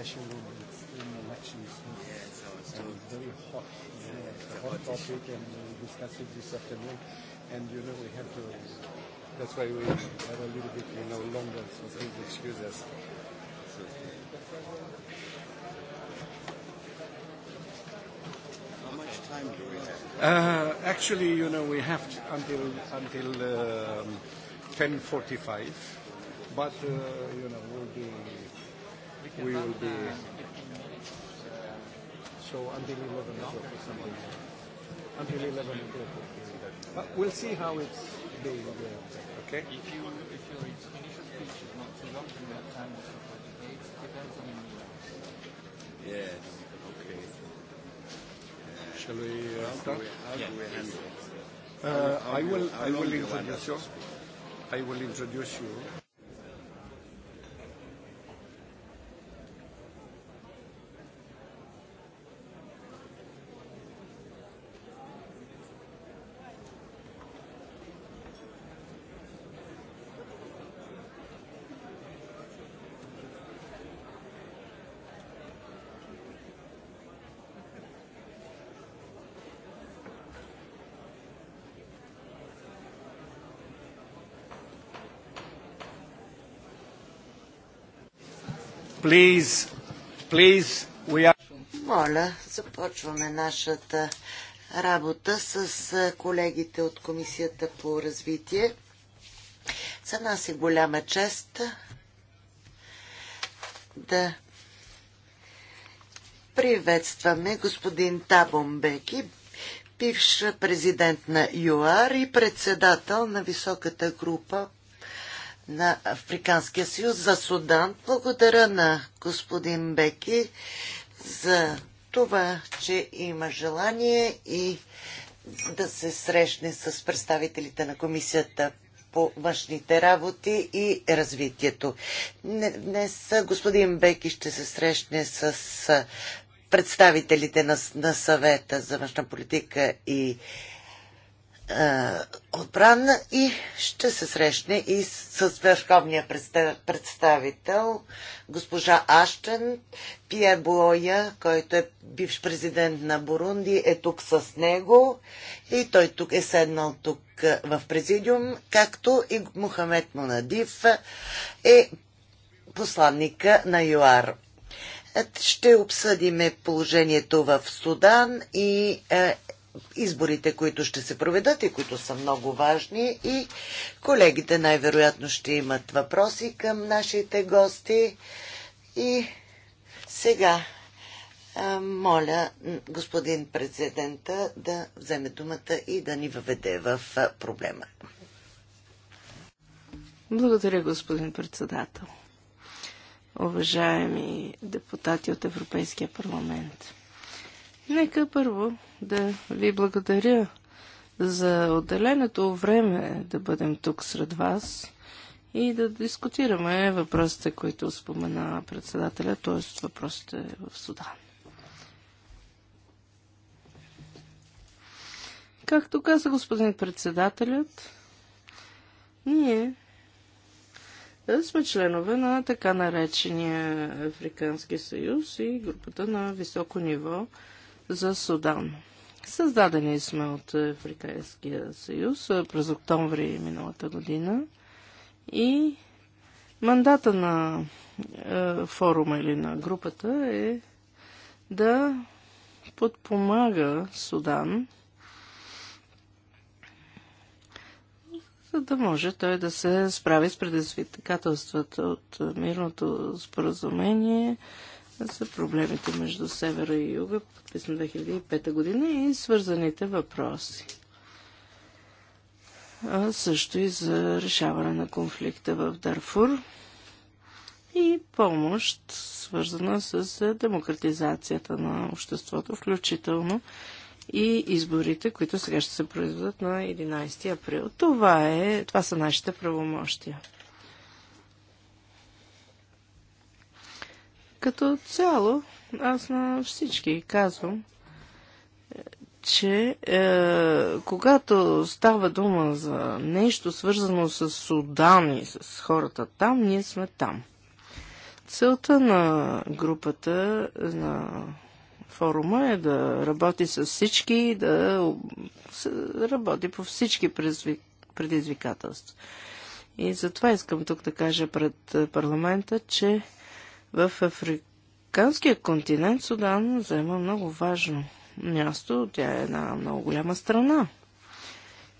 special in, in elections. Yes, so it's very hot. Yeah, it's a hot topic, and we discussed it this afternoon. And you know, we have to. That's why we have a little bit, you know, longer. So please excuse us. much time do we have? Uh, actually, you know, we have to, until until um, 10:45, but uh, you know, we'll be we will be so until 11 o'clock something until 11 o'clock but we'll see how it's being uh, okay if you if your initial speech is not too long then that time it depends on the yes okay shall we uh, start how do we handle it uh, I will I will introduce you I will introduce you Please, please, are... Моля, започваме нашата работа с колегите от Комисията по развитие. За нас е голяма чест да приветстваме господин Табом Беки, бивш президент на ЮАР и председател на високата група на Африканския съюз за Судан. Благодаря на господин Беки за това, че има желание и да се срещне с представителите на комисията по външните работи и развитието. Днес господин Беки ще се срещне с представителите на, на съвета за външна политика и е, отбрана и ще се срещне и с върховния представител госпожа Аштен. Пие Буоя, който е бивш президент на Бурунди, е тук с него и той тук е седнал тук е, в президиум, както и Мухамед Монадив е посланника на ЮАР. Е, ще обсъдиме положението в Судан и изборите, които ще се проведат и които са много важни. И колегите най-вероятно ще имат въпроси към нашите гости. И сега моля господин президента да вземе думата и да ни въведе в проблема. Благодаря, господин председател. Уважаеми депутати от Европейския парламент. Нека първо да ви благодаря за отделеното време да бъдем тук сред вас и да дискутираме въпросите, които спомена председателя, т.е. въпросите в Судан. Както каза господин председателят, ние сме членове на така наречения Африкански съюз и групата на високо ниво – за Судан. Създадени сме от Африканския съюз през октомври миналата година и мандата на е, форума или на групата е да подпомага Судан, за да може той да се справи с предизвикателствата от мирното споразумение, за проблемите между севера и юга, подписан 2005 година и свързаните въпроси. А също и за решаване на конфликта в Дарфур и помощ, свързана с демократизацията на обществото, включително и изборите, които сега ще се произведат на 11 април. Това, е, това са нашите правомощия. Като цяло, аз на всички казвам, че е, когато става дума за нещо свързано с Судан и с хората там, ние сме там. Целта на групата, на форума е да работи с всички, да работи по всички предизвикателства. И затова искам тук да кажа пред парламента, че в африканския континент Судан заема много важно място. Тя е една много голяма страна.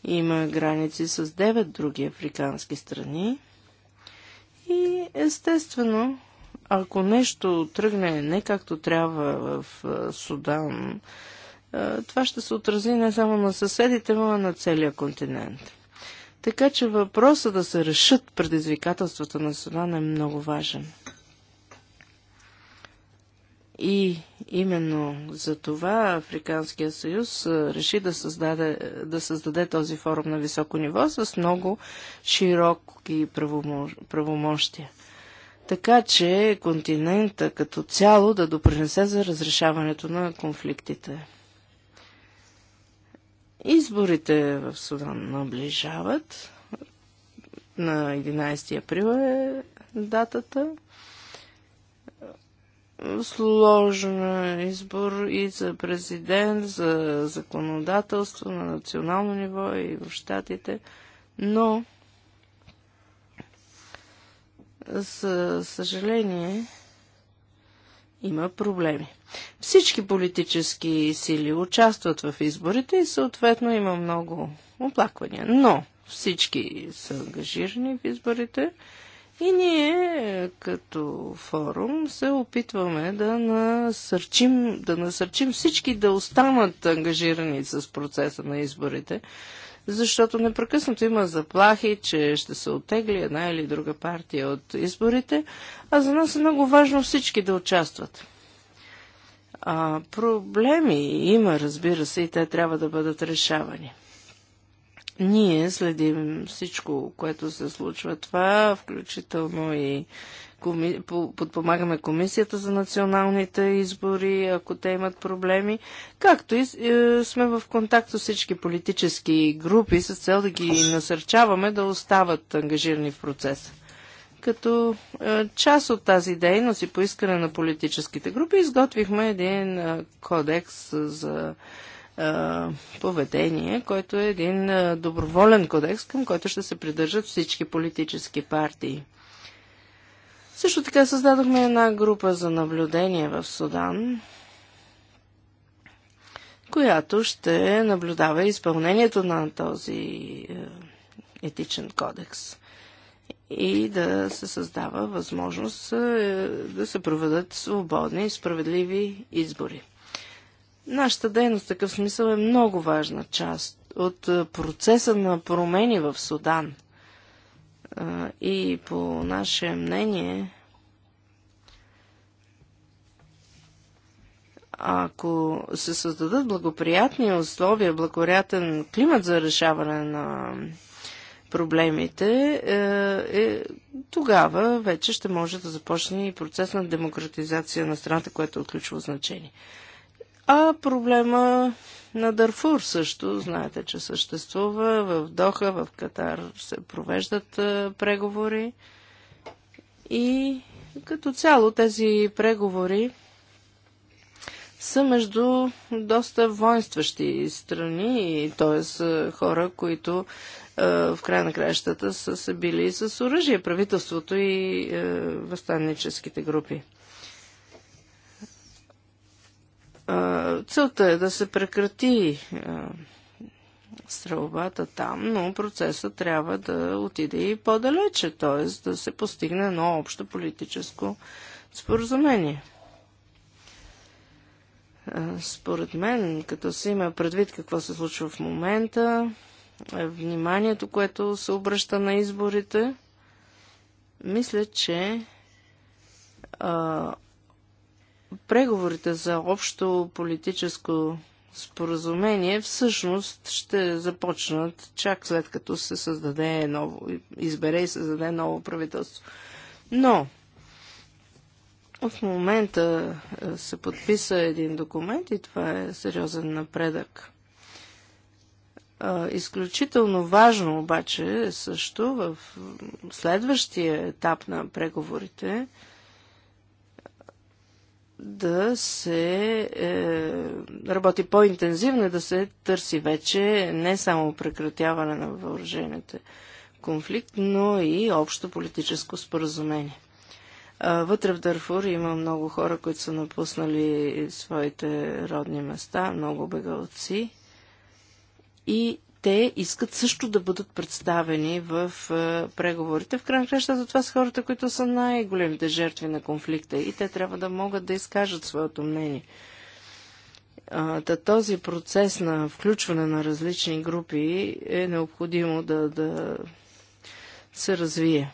Има граници с 9 други африкански страни. И естествено, ако нещо тръгне не както трябва в Судан, това ще се отрази не само на съседите, но и на целия континент. Така че въпросът да се решат предизвикателствата на Судан е много важен. И именно за това Африканския съюз реши да създаде, да създаде този форум на високо ниво с много широки правомощия. Така че континента като цяло да допринесе за разрешаването на конфликтите. Изборите в Судан наближават. На 11 април е датата сложен избор и за президент, за законодателство на национално ниво и в щатите, но за съжаление има проблеми. Всички политически сили участват в изборите и съответно има много оплаквания, но всички са ангажирани в изборите и ние като форум се опитваме да насърчим, да насърчим всички да останат ангажирани с процеса на изборите, защото непрекъснато има заплахи, че ще се отегли една или друга партия от изборите, а за нас е много важно всички да участват. А, проблеми има, разбира се, и те трябва да бъдат решавани. Ние следим всичко, което се случва това, включително и коми... подпомагаме комисията за националните избори, ако те имат проблеми, както и е, сме в контакт с всички политически групи с цел да ги насърчаваме да остават ангажирани в процеса като е, част от тази дейност и поискане на политическите групи изготвихме един е, кодекс за поведение, който е един доброволен кодекс, към който ще се придържат всички политически партии. Също така създадохме една група за наблюдение в Судан, която ще наблюдава изпълнението на този е, етичен кодекс и да се създава възможност е, да се проведат свободни и справедливи избори. Нашата дейност в такъв смисъл е много важна част от е, процеса на промени в Судан. Е, и по наше мнение, ако се създадат благоприятни условия, благоприятен климат за решаване на проблемите, е, е, тогава вече ще може да започне и процес на демократизация на страната, което е от ключово значение. А проблема на Дарфур също, знаете, че съществува. В Доха, в Катар се провеждат преговори. И като цяло тези преговори са между доста воинстващи страни, т.е. хора, които в края на краищата са се били с оръжие правителството и възстанническите групи. Целта е да се прекрати стрелбата там, но процесът трябва да отиде и по-далече, т.е. да се постигне едно общо политическо споразумение. Според мен, като се има предвид какво се случва в момента, е вниманието, което се обръща на изборите, мисля, че а, преговорите за общо политическо споразумение всъщност ще започнат чак след като се създаде ново, избере и създаде ново правителство. Но в момента е, се подписа един документ и това е сериозен напредък. Е, изключително важно обаче е също в следващия етап на преговорите да се е, работи по-интензивно и да се търси вече не само прекратяване на въоръжените конфликт, но и общо политическо споразумение. Вътре в Дърфур има много хора, които са напуснали своите родни места, много бегалци. И те искат също да бъдат представени в е, преговорите. В крайна краща, това са хората, които са най-големите жертви на конфликта и те трябва да могат да изкажат своето мнение. А, да този процес на включване на различни групи е необходимо да, да се развие.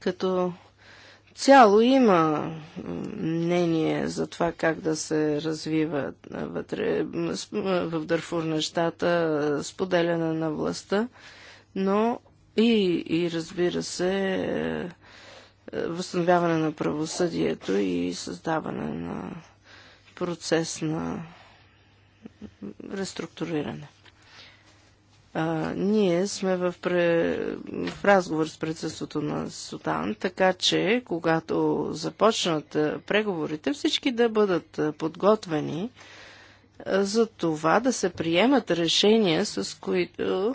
Като цяло има мнение за това как да се развива вътре в Дърфур нещата, споделяне на властта, но и, и разбира се възстановяване на правосъдието и създаване на процес на реструктуриране. А, ние сме в, пре... в разговор с председството на Судан, така че когато започнат преговорите, всички да бъдат подготвени за това да се приемат решения, с които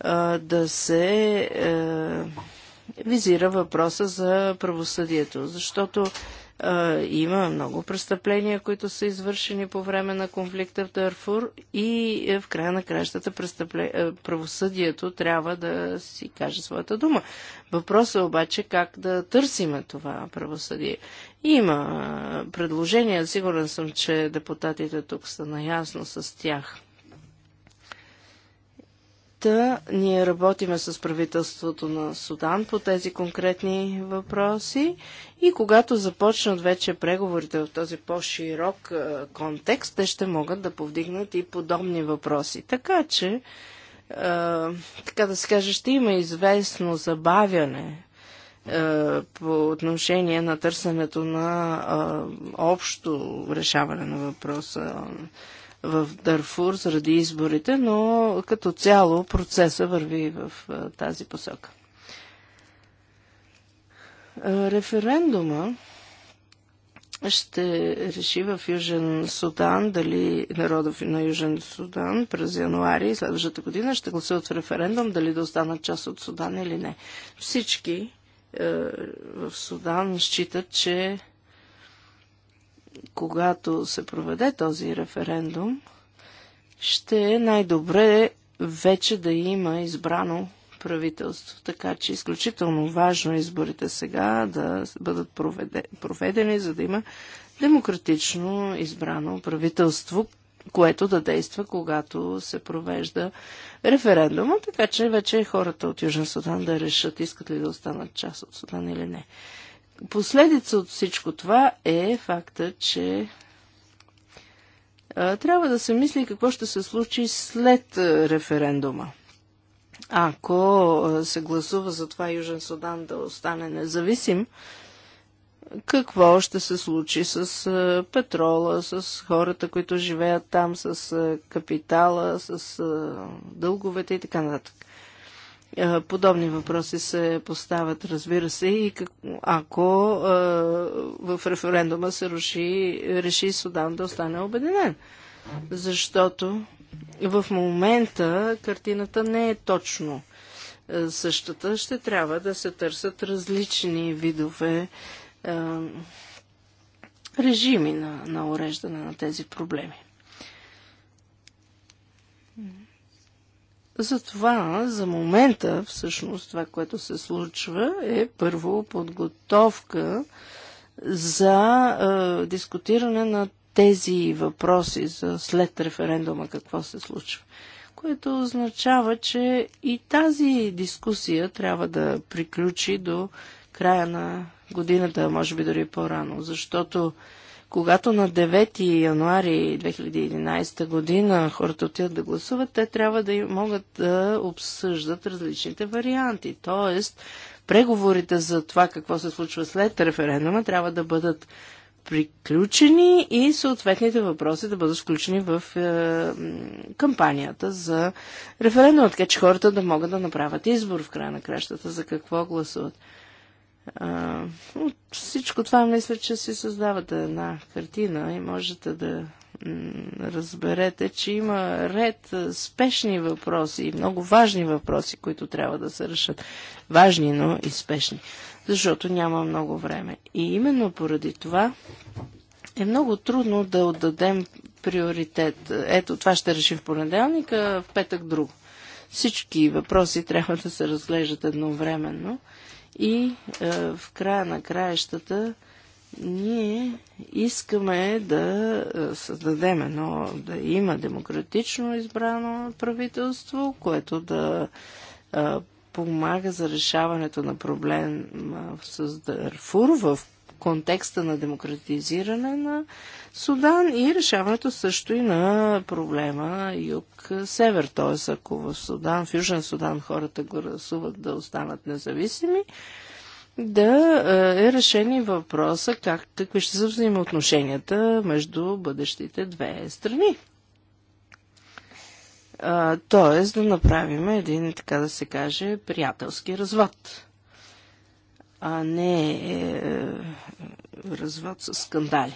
а, да се а, е, визира въпроса за правосъдието. Защото има много престъпления, които са извършени по време на конфликта в Дарфур и е, в края на кращата престъпле... Е, правосъдието трябва да си каже своята дума. Въпросът е обаче как да търсиме това правосъдие. Има е, предложения, сигурен съм, че депутатите тук са наясно с тях. Та ние работиме с правителството на Судан по тези конкретни въпроси и когато започнат вече преговорите в този по-широк е, контекст, те ще могат да повдигнат и подобни въпроси. Така че, е, така да се каже, ще има известно забавяне е, по отношение на търсенето на е, общо решаване на въпроса в Дарфур заради изборите, но като цяло процеса върви в тази посока. Референдума ще реши в Южен Судан дали народов на Южен Судан през януари следващата година ще гласуват в референдум дали да останат част от Судан или не. Всички е, в Судан считат, че когато се проведе този референдум, ще е най-добре вече да има избрано правителство. Така че изключително важно е изборите сега да бъдат проведени, за да има демократично избрано правителство, което да действа, когато се провежда референдума, така че вече хората от Южен Судан да решат искат ли да останат част от Судан или не. Последица от всичко това е факта, че а, трябва да се мисли какво ще се случи след а, референдума. Ако а, се гласува за това Южен Судан да остане независим, какво ще се случи с петрола, с хората, които живеят там, с капитала, с дълговете и така нататък. Подобни въпроси се поставят, разбира се, и ако а, в референдума се реши, реши Судан да остане обединен. Защото в момента картината не е точно същата. Ще трябва да се търсят различни видове а, режими на, на уреждане на тези проблеми. Затова за момента всъщност това, което се случва е първо подготовка за е, дискутиране на тези въпроси за след референдума какво се случва. Което означава, че и тази дискусия трябва да приключи до края на годината, може би дори по-рано, защото когато на 9 януари 2011 година хората отидат да гласуват, те трябва да могат да обсъждат различните варианти. Тоест, преговорите за това какво се случва след референдума трябва да бъдат приключени и съответните въпроси да бъдат включени в е, кампанията за референдума, така че хората да могат да направят избор в края на кращата за какво гласуват от всичко това мисля, че си създавате една картина и можете да разберете, че има ред спешни въпроси и много важни въпроси, които трябва да се решат. Важни, но и спешни, защото няма много време. И именно поради това е много трудно да отдадем приоритет. Ето, това ще решим в понеделник, а в петък друго. Всички въпроси трябва да се разглеждат едновременно. И е, в края на краищата ние искаме да е, създадем едно, да има демократично избрано правителство, което да е, помага за решаването на проблем с Дарфур в контекста на демократизиране на Судан и решаването също и на проблема юг-север. Т.е. ако в Судан, в Южен Судан хората гласуват да останат независими, да е, е решени въпроса как, какви ще са взаимоотношенията между бъдещите две страни. Тоест да направим един, така да се каже, приятелски развод а не е, е, развод с скандали.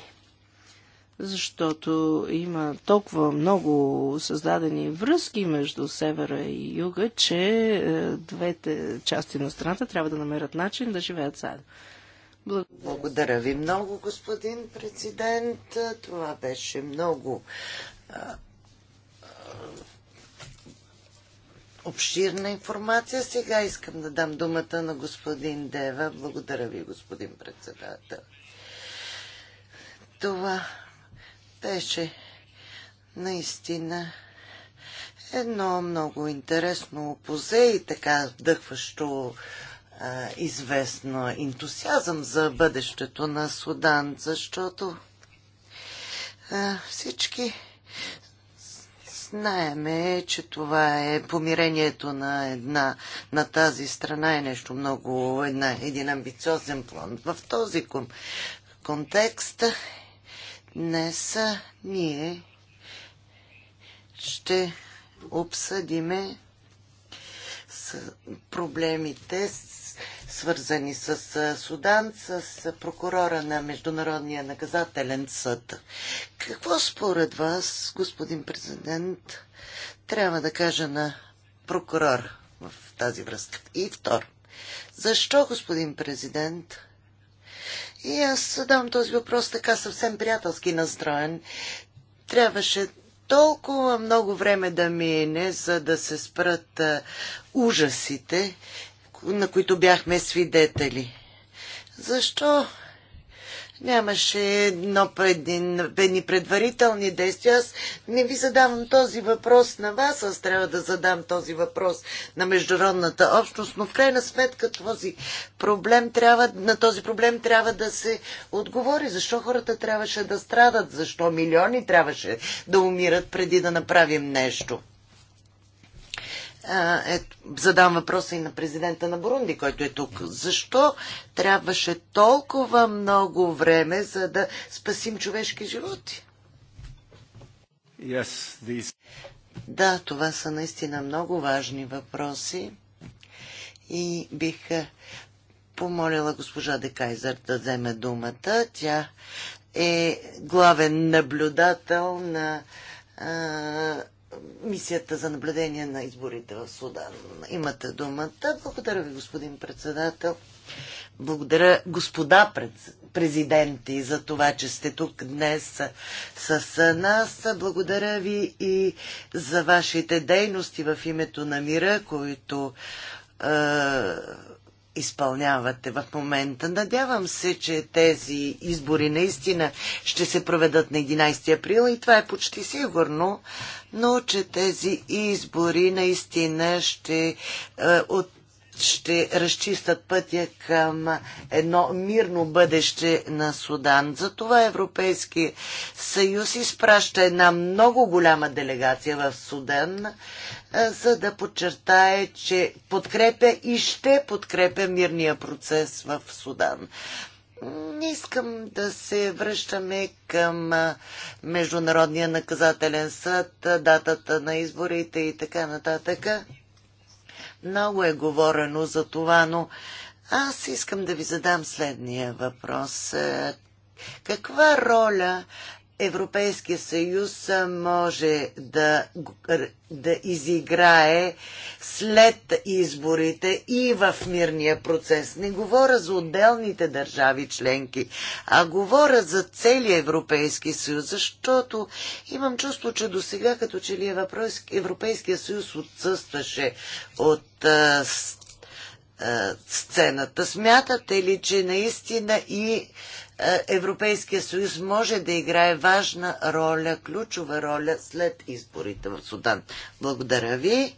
Защото има толкова много създадени връзки между севера и юга, че е, двете части на страната трябва да намерят начин да живеят заедно. Благодаря. Благодаря ви много, господин президент. Това беше много обширна информация. Сега искам да дам думата на господин Дева. Благодаря ви, господин председател. Това беше наистина едно много интересно позе и така вдъхващо а, известно ентусиазъм за бъдещето на Судан, защото а, всички Знаеме, че това е помирението на една, на тази страна е нещо много, една, един амбициозен план. В този кон, контекст днес ние ще обсъдиме с проблемите с свързани с Судан, с прокурора на Международния наказателен съд. Какво според вас, господин президент, трябва да кажа на прокурор в тази връзка? И второ, защо, господин президент, и аз дам този въпрос така съвсем приятелски настроен, трябваше толкова много време да мине, за да се спрат ужасите на които бяхме свидетели. Защо нямаше едно, предин, едни предварителни действия. Аз не ви задавам този въпрос на вас, аз трябва да задам този въпрос на международната общност, но в крайна сметка този проблем трябва, на този проблем трябва да се отговори. Защо хората трябваше да страдат? Защо милиони трябваше да умират преди да направим нещо? ето, задам въпроса и на президента на Бурунди, който е тук. Защо трябваше толкова много време, за да спасим човешки животи? Yes, these... Да, това са наистина много важни въпроси и бих е, помолила госпожа Декайзер да вземе думата. Тя е главен наблюдател на мисията за наблюдение на изборите в Судан. Имате думата. Благодаря ви, господин председател. Благодаря, господа президенти, за това, че сте тук днес с нас. Благодаря ви и за вашите дейности в името на мира, които е, изпълнявате в момента. Надявам се, че тези избори наистина ще се проведат на 11 април и това е почти сигурно, но че тези избори наистина ще е, от ще разчистат пътя към едно мирно бъдеще на Судан. Затова Европейски съюз изпраща една много голяма делегация в Судан, за да подчертае, че подкрепя и ще подкрепя мирния процес в Судан. Не искам да се връщаме към Международния наказателен съд, датата на изборите и така нататък. Много е говорено за това, но аз искам да ви задам следния въпрос. Е, каква роля Европейския съюз може да, да изиграе след изборите и в мирния процес. Не говоря за отделните държави членки, а говоря за целия Европейски съюз, защото имам чувство, че до сега като че ли Европейския съюз отсъстваше от а, сцената. Смятате ли, че наистина и е, Европейския съюз може да играе важна роля, ключова роля след изборите в Судан. Благодаря ви.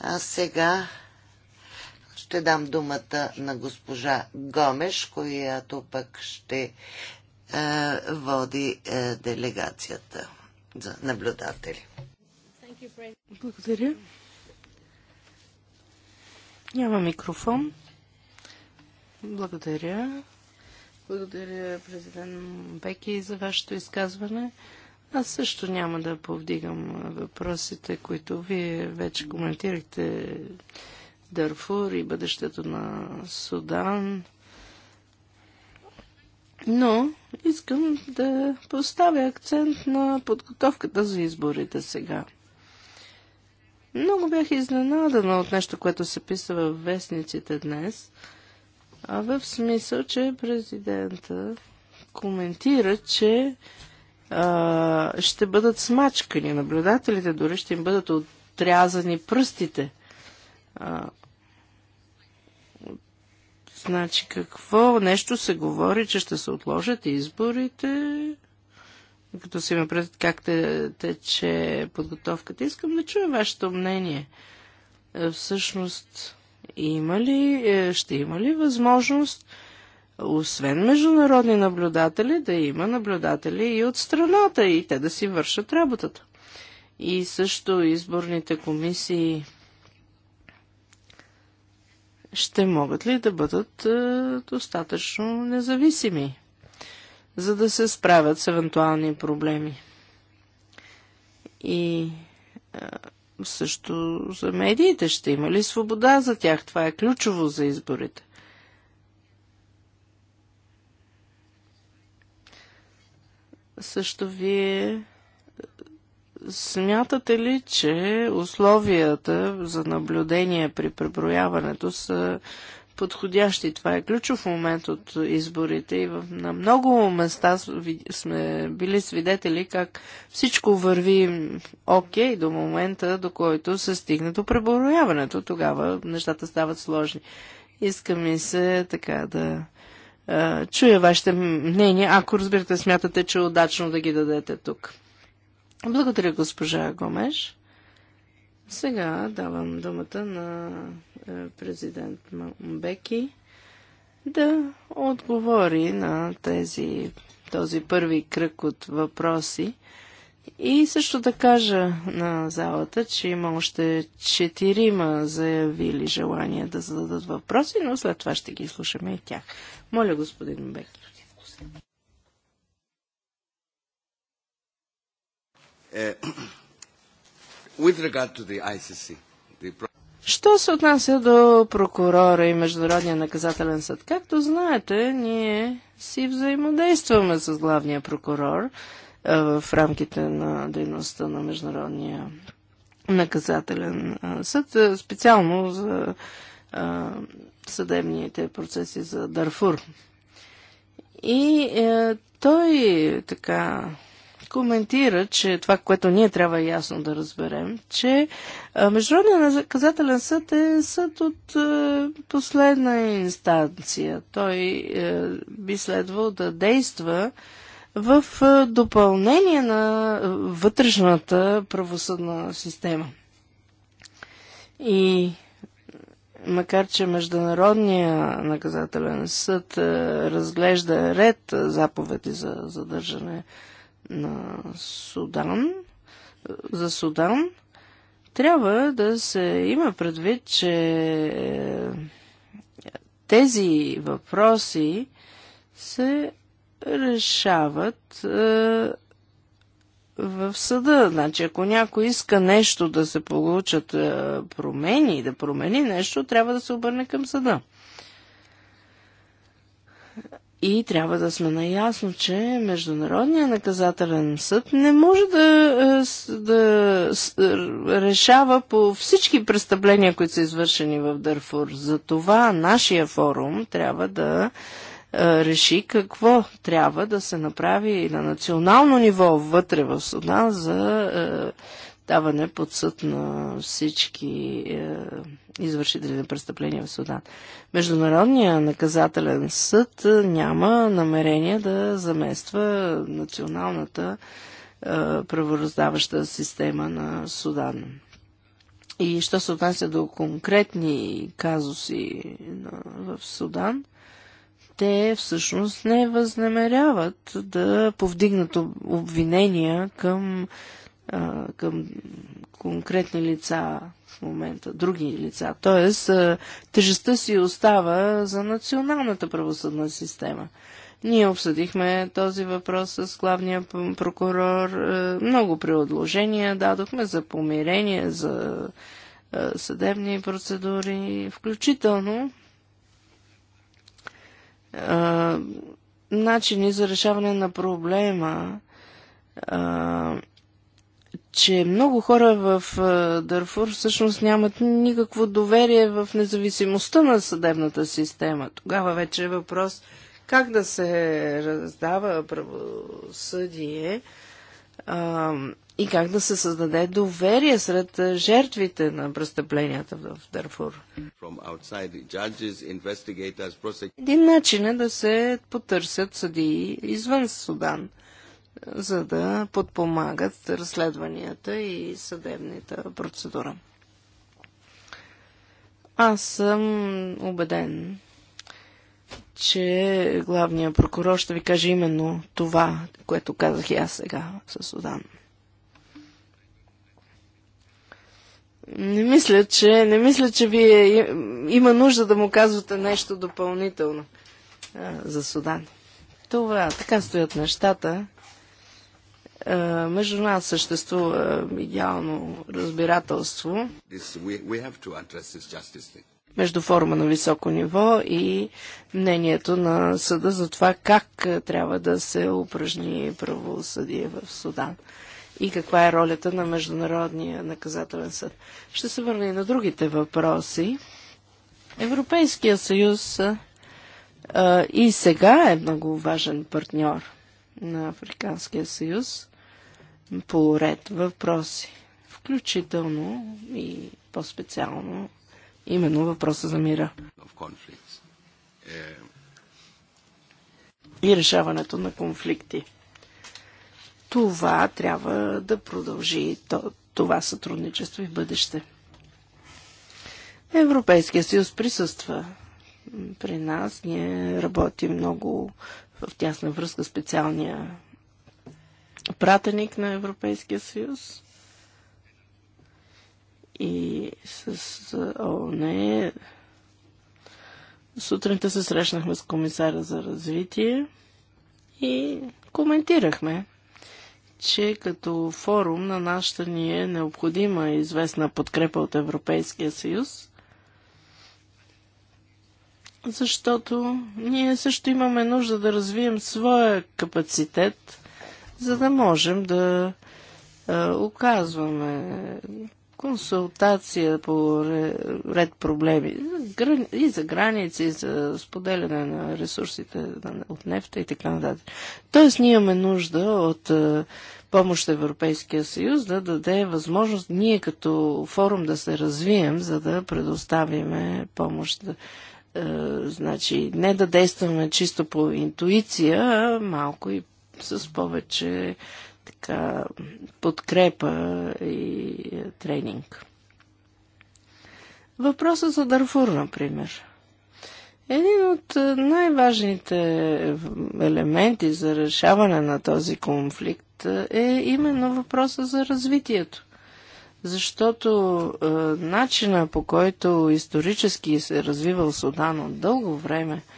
А сега ще дам думата на госпожа Гомеш, която пък ще е, води е, делегацията за наблюдатели. Благодаря. Няма микрофон. Благодаря. Благодаря, президент Беки, за вашето изказване. Аз също няма да повдигам въпросите, които вие вече коментирахте. Дарфур и бъдещето на Судан. Но искам да поставя акцент на подготовката за изборите сега. Много бях изненадана от нещо, което се писа във вестниците днес – а в смисъл, че президента коментира, че а, ще бъдат смачкани. Наблюдателите дори ще им бъдат отрязани пръстите. А, значи какво? Нещо се говори, че ще се отложат изборите, като си има пред как те, тече подготовката. Искам да чуя вашето мнение. Е, всъщност, има ли, е, ще има ли възможност, освен международни наблюдатели, да има наблюдатели и от страната и те да си вършат работата? И също изборните комисии ще могат ли да бъдат е, достатъчно независими, за да се справят с евентуални проблеми? И е, също за медиите ще има ли свобода за тях? Това е ключово за изборите. Също вие е, смятате ли, че условията за наблюдение при преброяването са подходящи. Това е ключов момент от изборите и в, на много места сме били свидетели как всичко върви окей okay до момента, до който се стигне до преброяването. Тогава нещата стават сложни. Иска ми се така да а, чуя вашите мнения, ако разбирате смятате, че е удачно да ги дадете тук. Благодаря, госпожа Гомеш. Сега давам думата на е, президент Мбеки да отговори на тези, този първи кръг от въпроси. И също да кажа на залата, че има още четирима заявили желание да зададат въпроси, но след това ще ги слушаме и тях. Моля, господин Беки. Е, Що се отнася до прокурора и Международния наказателен съд? Както знаете, ние си взаимодействаме с главния прокурор в рамките на дейността на Международния наказателен съд, специално за съдебните процеси за Дарфур. И е, той така коментира, че това, което ние трябва ясно да разберем, че Международният наказателен съд е съд от последна инстанция. Той е, би следвал да действа в допълнение на вътрешната правосъдна система. И макар че Международния наказателен съд е, разглежда ред е, заповеди за задържане на Судан, за Судан, трябва да се има предвид, че е, тези въпроси се решават е, в съда. Значи, ако някой иска нещо да се получат е, промени, да промени нещо, трябва да се обърне към съда. И трябва да сме наясно, че Международният наказателен съд не може да, е, да решава по всички престъпления, които са извършени в Дърфур. Затова нашия форум трябва да е, реши какво трябва да се направи и на национално ниво вътре в Судан за е, даване под съд на всички извършители на престъпления в Судан. Международният наказателен съд няма намерение да замества националната правораздаваща система на Судан. И що се отнася до конкретни казуси в Судан, те всъщност не възнамеряват да повдигнат обвинения към към конкретни лица в момента, други лица. Тоест, тежестта си остава за националната правосъдна система. Ние обсъдихме този въпрос с главния прокурор. Е, много предложения дадохме за помирение, за е, съдебни процедури, включително е, начини за решаване на проблема че много хора в е, Дърфур всъщност нямат никакво доверие в независимостта на съдебната система. Тогава вече е въпрос как да се раздава правосъдие а, и как да се създаде доверие сред е, жертвите на престъпленията в Дарфур. Един начин е да се потърсят съдии извън Судан – за да подпомагат разследванията и съдебната процедура. Аз съм убеден, че главният прокурор ще ви каже именно това, което казах и аз сега с Судан. Не мисля, че, не мисля, че вие има нужда да му казвате нещо допълнително а, за Судан. Това, така стоят нещата. Е, между нас съществува идеално разбирателство между форма на високо ниво и мнението на съда за това как е, трябва да се упражни правосъдие в Судан и каква е ролята на Международния наказателен съд. Ще се върна и на другите въпроси. Европейския съюз е, и сега е много важен партньор на Африканския съюз полуред въпроси, включително и по-специално именно въпроса за мира. Е. И решаването на конфликти. Това трябва да продължи това сътрудничество и в бъдеще. Европейския съюз присъства при нас. Ние работим много в тясна връзка специалния пратеник на Европейския съюз и с ООН. Сутринта се срещнахме с комисара за развитие и коментирахме, че като форум на нашата ни е необходима известна подкрепа от Европейския съюз, защото ние също имаме нужда да развием своя капацитет за да можем да а, оказваме консултация по ред проблеми и за граници, и за споделяне на ресурсите от нефта и така нататък. Тоест ние имаме нужда от помощ Европейския съюз да даде възможност ние като форум да се развием, за да предоставиме помощ. Значи не да действаме чисто по интуиция, а малко и с повече така, подкрепа и е, тренинг. Въпросът за Дарфур, например. Един от е, най-важните е, елементи за решаване на този конфликт е именно въпроса за развитието. Защото е, начина по който исторически се е развивал Судан от дълго време –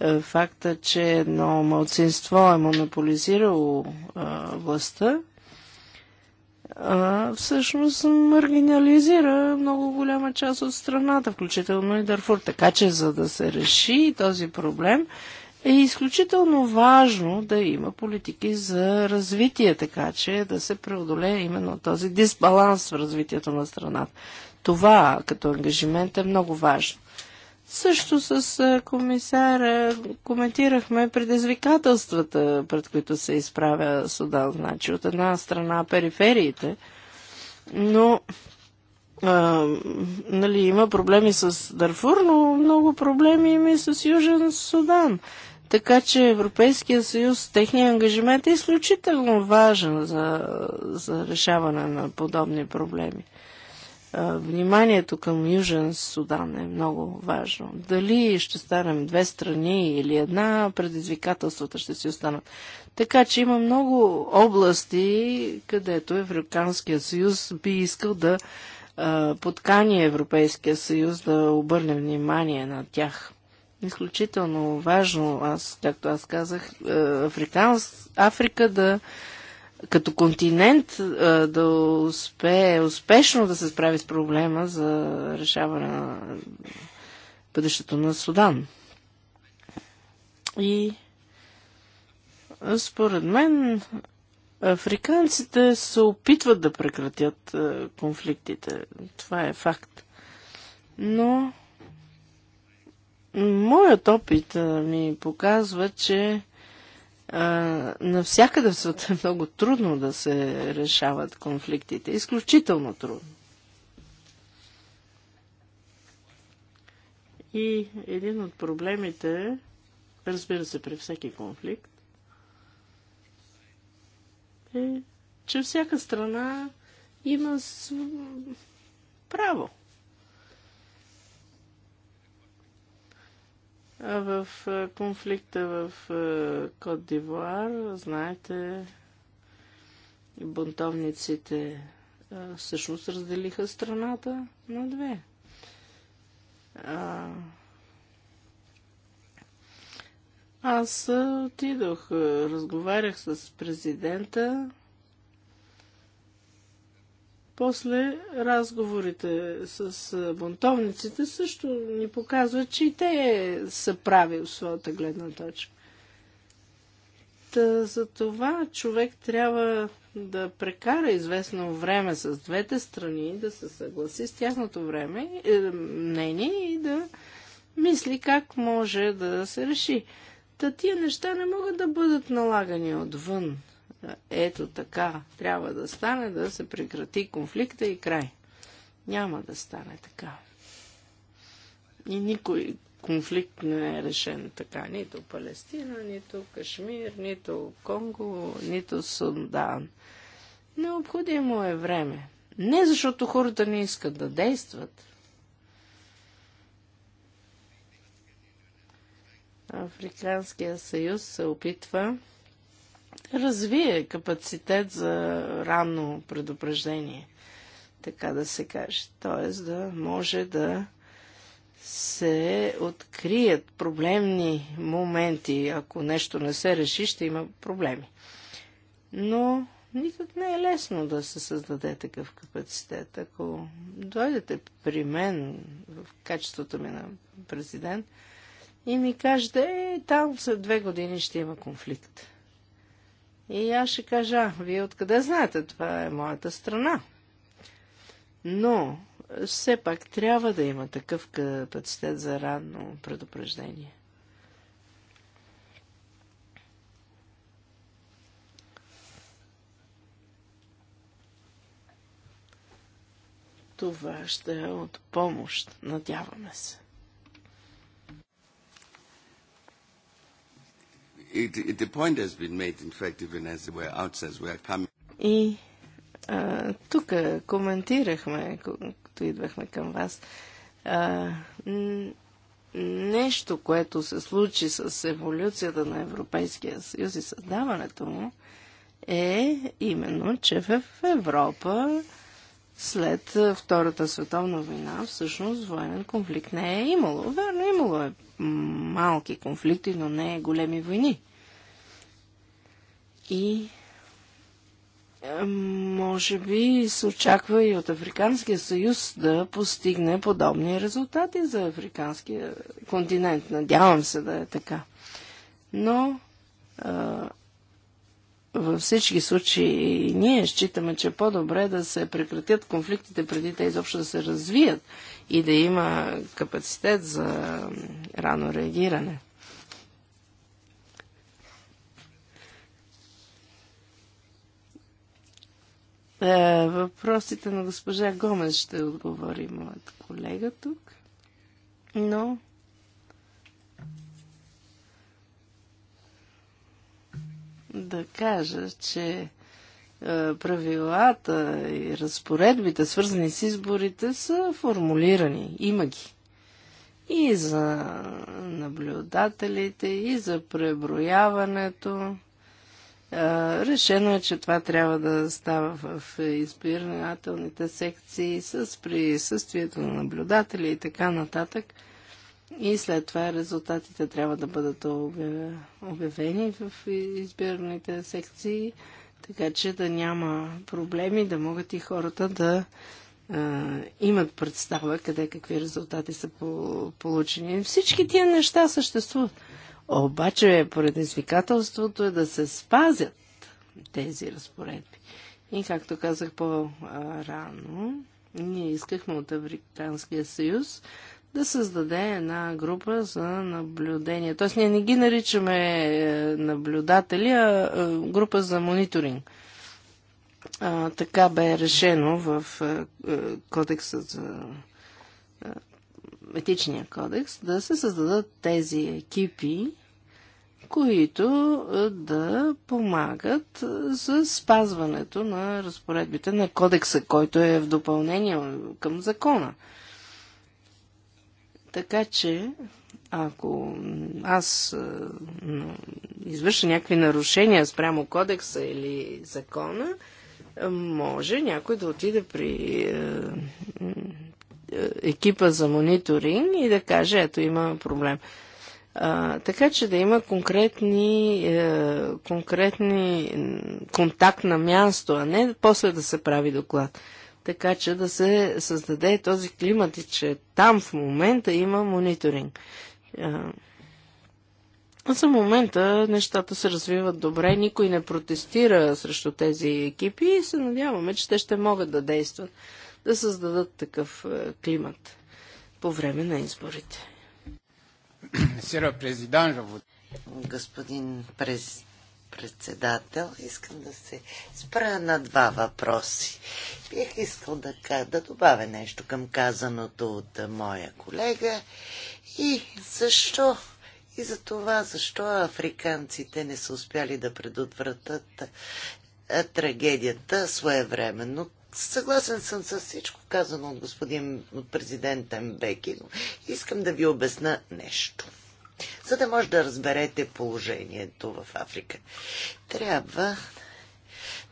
е, факта, че едно мълцинство е монополизирало а, властта, а, всъщност маргинализира много голяма част от страната, включително и Дарфур. Така че, за да се реши този проблем, е изключително важно да има политики за развитие, така че да се преодолее именно този дисбаланс в развитието на страната. Това като ангажимент е много важно. Също с комисара коментирахме предизвикателствата, пред които се изправя Судан. Значи от една страна перифериите, но а, нали, има проблеми с Дарфур, но много проблеми има и с Южен Судан. Така че Европейския съюз, техния ангажимент е изключително важен за, за решаване на подобни проблеми вниманието към Южен Судан е много важно. Дали ще станем две страни или една, предизвикателствата ще си останат. Така че има много области, където Африканския съюз би искал да подкани Европейския съюз да обърне внимание на тях. Изключително важно, аз, както аз казах, Африканс, Африка да като континент да успее успешно да се справи с проблема за решаване на бъдещето на Судан. И според мен африканците се опитват да прекратят конфликтите. Това е факт. Но моят опит ми показва, че навсякъде в света е много трудно да се решават конфликтите. Изключително трудно. И един от проблемите, разбира се, при всеки конфликт, е, че всяка страна има право В конфликта в Кот Дивуар, знаете, бунтовниците всъщност разделиха страната на две. Аз отидох, разговарях с президента после разговорите с бунтовниците също ни показват, че и те са прави в своята гледна точка. Та, за това човек трябва да прекара известно време с двете страни, да се съгласи с тяхното време, е, мнение и да мисли как може да се реши. Та тия неща не могат да бъдат налагани отвън ето така трябва да стане, да се прекрати конфликта и край. Няма да стане така. И никой конфликт не е решен така. Нито Палестина, нито Кашмир, нито Конго, нито Сундан. Необходимо е време. Не защото хората не искат да действат. Африканския съюз се опитва развие капацитет за ранно предупреждение, така да се каже. Тоест да може да се открият проблемни моменти. Ако нещо не се реши, ще има проблеми. Но никак не е лесно да се създаде такъв капацитет. Ако дойдете при мен в качеството ми на президент и ми кажете, е, там след две години ще има конфликт. И аз ще кажа, вие откъде знаете, това е моята страна. Но все пак трябва да има такъв капацитет за ранно предупреждение. Това ще е от помощ, надяваме се. it, it, the point has been made, in fact, even as we were outside, we are coming. И а, тук коментирахме, когато идвахме към вас, а, нещо, което се случи с еволюцията на Европейския съюз и създаването му, е именно, че в Европа след Втората световна война всъщност военен конфликт не е имало. Верно, имало е малки конфликти, но не е големи войни. И може би се очаква и от Африканския съюз да постигне подобни резултати за Африканския континент. Надявам се да е така. Но във всички случаи ние считаме, че е по-добре да се прекратят конфликтите преди те изобщо да се развият и да има капацитет за рано реагиране. Е, въпросите на госпожа Гомес ще отговори моят колега тук, но да кажа, че е, правилата и разпоредбите, свързани с изборите, са формулирани. Има ги. И за наблюдателите, и за преброяването. Е, решено е, че това трябва да става в избирателните секции с присъствието на наблюдатели и така нататък – и след това резултатите трябва да бъдат обявени в избираните секции, така че да няма проблеми, да могат и хората да а, имат представа къде какви резултати са по- получени. Всички тия неща съществуват. Обаче предизвикателството е да се спазят тези разпоредби. И както казах по-рано, ние искахме от Африканския съюз да създаде една група за наблюдение. Тоест ние не ги наричаме е, наблюдатели, а е, група за мониторинг. А, така бе решено в е, кодекса за етичния кодекс да се създадат тези екипи, които да помагат за спазването на разпоредбите на кодекса, който е в допълнение към закона. Така че, ако аз извърша някакви нарушения спрямо кодекса или закона, може някой да отиде при е, е, екипа за мониторинг и да каже, ето има проблем. А, така че да има конкретни, е, конкретни контакт на място, а не после да се прави доклад така че да се създаде този климат и че там в момента има мониторинг. За момента нещата се развиват добре, никой не протестира срещу тези екипи и се надяваме, че те ще могат да действат, да създадат такъв е, климат по време на изборите. Господин президент, председател. Искам да се спра на два въпроси. Бих искал да, да добавя нещо към казаното от моя колега и защо и за това, защо африканците не са успяли да предотвратат трагедията своевременно. Съгласен съм с всичко казано от господин от президента Мбеки, но искам да ви обясна нещо за да може да разберете положението в Африка. Трябва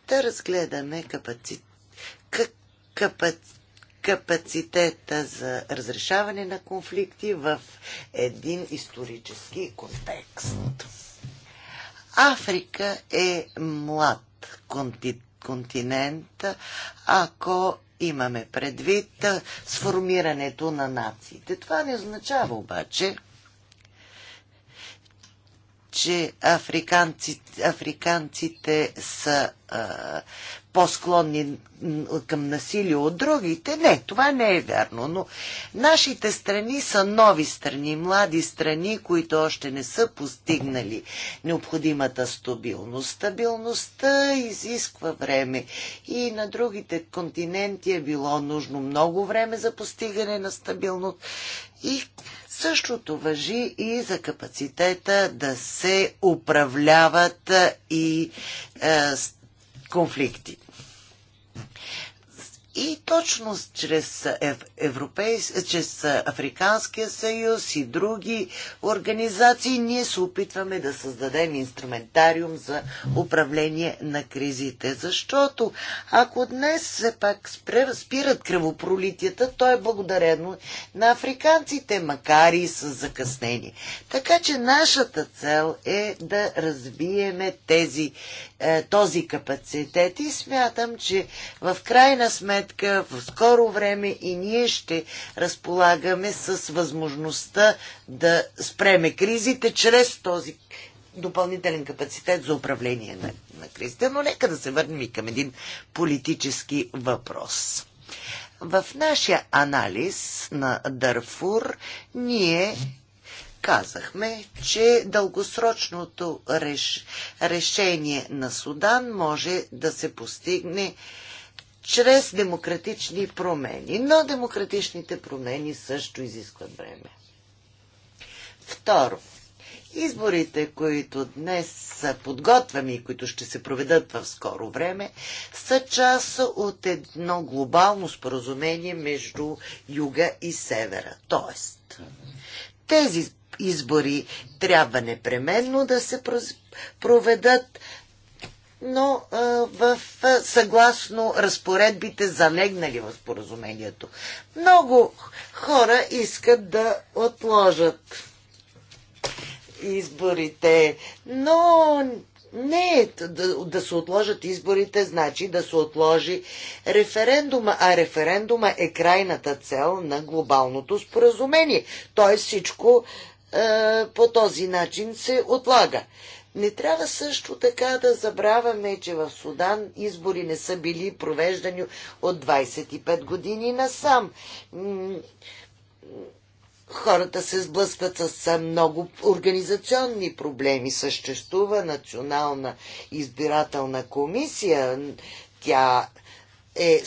да разгледаме капаци... капаци... капацитета за разрешаване на конфликти в един исторически контекст. Африка е млад континент континент, ако имаме предвид сформирането на нациите. Това не означава обаче, че африканците, африканците са по-склонни към насилие от другите. Не, това не е вярно, но нашите страни са нови страни, млади страни, които още не са постигнали необходимата стабилност. Стабилността изисква време и на другите континенти е било нужно много време за постигане на стабилност и Същото въжи и за капацитета да се управляват и е, конфликти. И точно чрез, Европейс, чрез Африканския съюз и други организации ние се опитваме да създадем инструментариум за управление на кризите. Защото ако днес все пак спират кръвопролитията, то е благодарено на африканците, макар и с закъснение. Така че нашата цел е да развиеме тези е, този капацитет и смятам, че в крайна сметка в скоро време и ние ще разполагаме с възможността да спреме кризите чрез този допълнителен капацитет за управление на, на кризите. Но нека да се върнем и към един политически въпрос. В нашия анализ на Дарфур ние казахме, че дългосрочното реш... решение на Судан може да се постигне чрез демократични промени. Но демократичните промени също изискват време. Второ, изборите, които днес подготвяме и които ще се проведат в скоро време, са част от едно глобално споразумение между юга и севера. Тоест, тези избори трябва непременно да се проведат, но в съгласно разпоредбите залегнали в споразумението. Много хора искат да отложат изборите, но не, е да, да се отложат изборите значи да се отложи референдума, а референдума е крайната цел на глобалното споразумение. Тоест всичко е, по този начин се отлага. Не трябва също така да забравяме, че в Судан избори не са били провеждани от 25 години насам. Хората се сблъскват с много организационни проблеми. Съществува Национална избирателна комисия. Тя е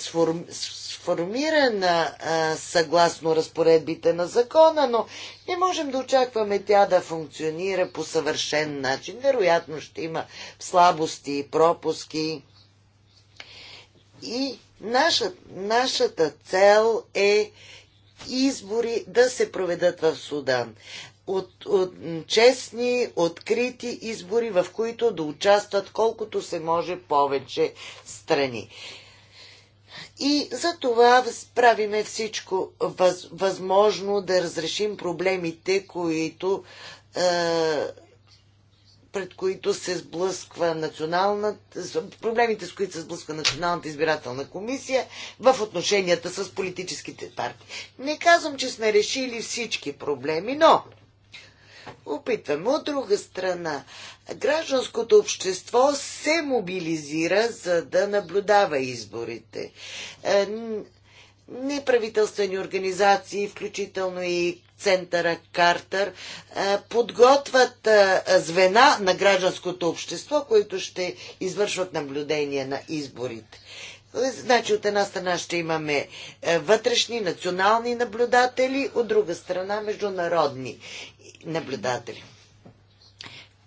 формирана а, съгласно разпоредбите на закона, но не можем да очакваме тя да функционира по съвършен начин. Вероятно ще има слабости и пропуски. И наша, нашата цел е избори да се проведат в Судан. От, от честни, открити избори, в които да участват колкото се може повече страни. И за това правиме всичко въз, възможно да разрешим проблемите, които, е, пред които се сблъсква националната, проблемите, с които се сблъсква Националната избирателна комисия в отношенията с политическите партии. Не казвам, че сме решили всички проблеми, но опитваме. От друга страна, гражданското общество се мобилизира, за да наблюдава изборите. Е, неправителствени организации, включително и центъра Картер, е, подготвят е, звена на гражданското общество, които ще извършват наблюдение на изборите. Значи от една страна ще имаме вътрешни, национални наблюдатели, от друга страна международни наблюдатели.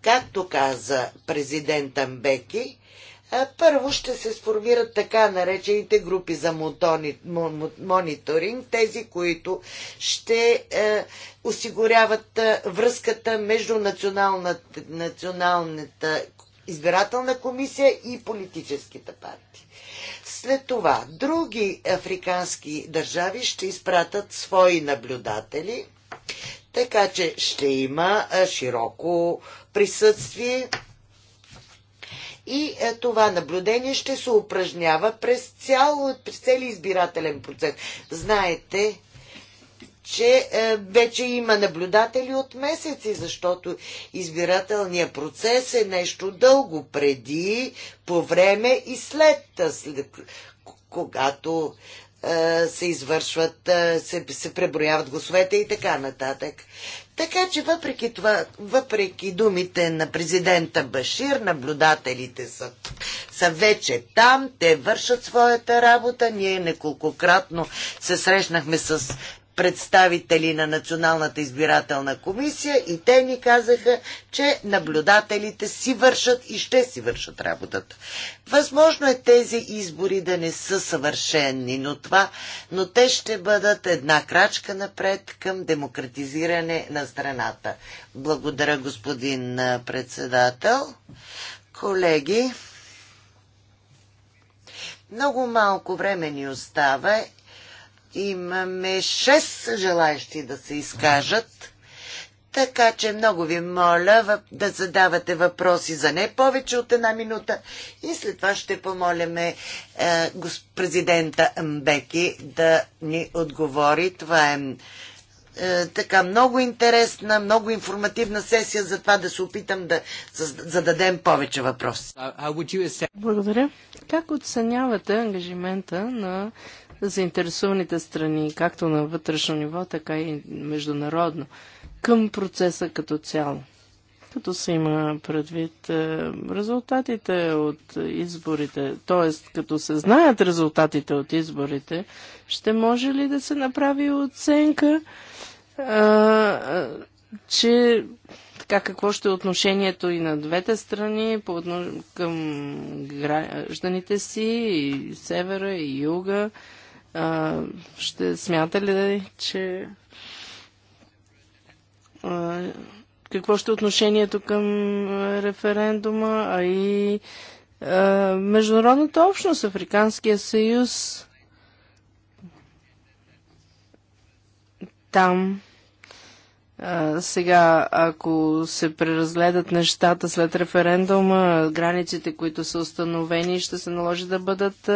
Както каза президент Амбеки, първо ще се сформират така наречените групи за мониторинг, тези, които ще е, осигуряват е, връзката между националната, националната избирателна комисия и политическите партии. След това други африкански държави ще изпратят свои наблюдатели. Така че ще има е, широко присъствие и е, това наблюдение ще се упражнява през, цял през избирателен процес. Знаете, че е, вече има наблюдатели от месеци, защото избирателният процес е нещо дълго преди, по време и след, след когато се извършват, се, се преброяват гласовете и така нататък. Така че въпреки това, въпреки думите на президента Башир, наблюдателите са, са вече там, те вършат своята работа. Ние неколкократно се срещнахме с представители на Националната избирателна комисия и те ни казаха, че наблюдателите си вършат и ще си вършат работата. Възможно е тези избори да не са съвършенни, но, това, но те ще бъдат една крачка напред към демократизиране на страната. Благодаря, господин председател. Колеги, много малко време ни остава Имаме 6 желаящи да се изкажат. Така че много ви моля да задавате въпроси за не повече от една минута и след това ще помоляме е, президента Мбеки да ни отговори. Това е, е така много интересна, много информативна сесия, затова да се опитам да зададем повече въпроси. Благодаря. Как оценявате ангажимента на заинтересованите страни, както на вътрешно ниво, така и международно, към процеса като цяло. Като се има предвид е, резултатите от изборите, т.е. като се знаят резултатите от изборите, ще може ли да се направи оценка, а, е, е, че така какво ще е отношението и на двете страни по отнош... към гражданите си, и севера, и юга, а, ще смята ли, че а, какво ще е отношението към референдума, а и а, международната общност, Африканския съюз, там сега, ако се преразгледат нещата след референдума, границите, които са установени, ще се наложи да бъдат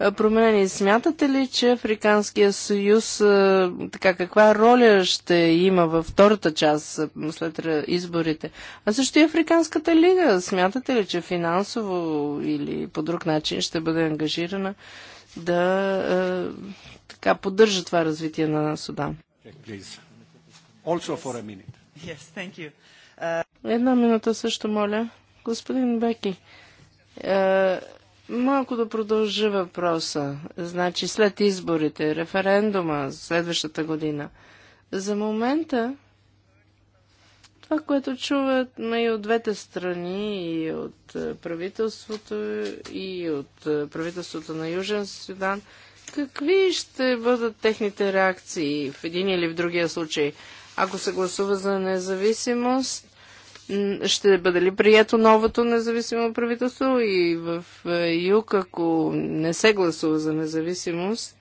е, променени. Смятате ли, че Африканския съюз, е, така каква роля ще има във втората част е, след изборите? А също и Африканската лига, смятате ли, че финансово или по друг начин ще бъде ангажирана да така поддържа това развитие на Судан? Една минута също, моля. Господин Беки, Малко да продължа въпроса. Значи след изборите, референдума следващата година. За момента това, което чуват ме и от двете страни, и от е, правителството, и от е, правителството на Южен Судан, какви ще бъдат техните реакции в един или в другия случай? Ако се гласува за независимост, ще бъде ли прието новото независимо правителство и в е, юг, ако не се гласува за независимост,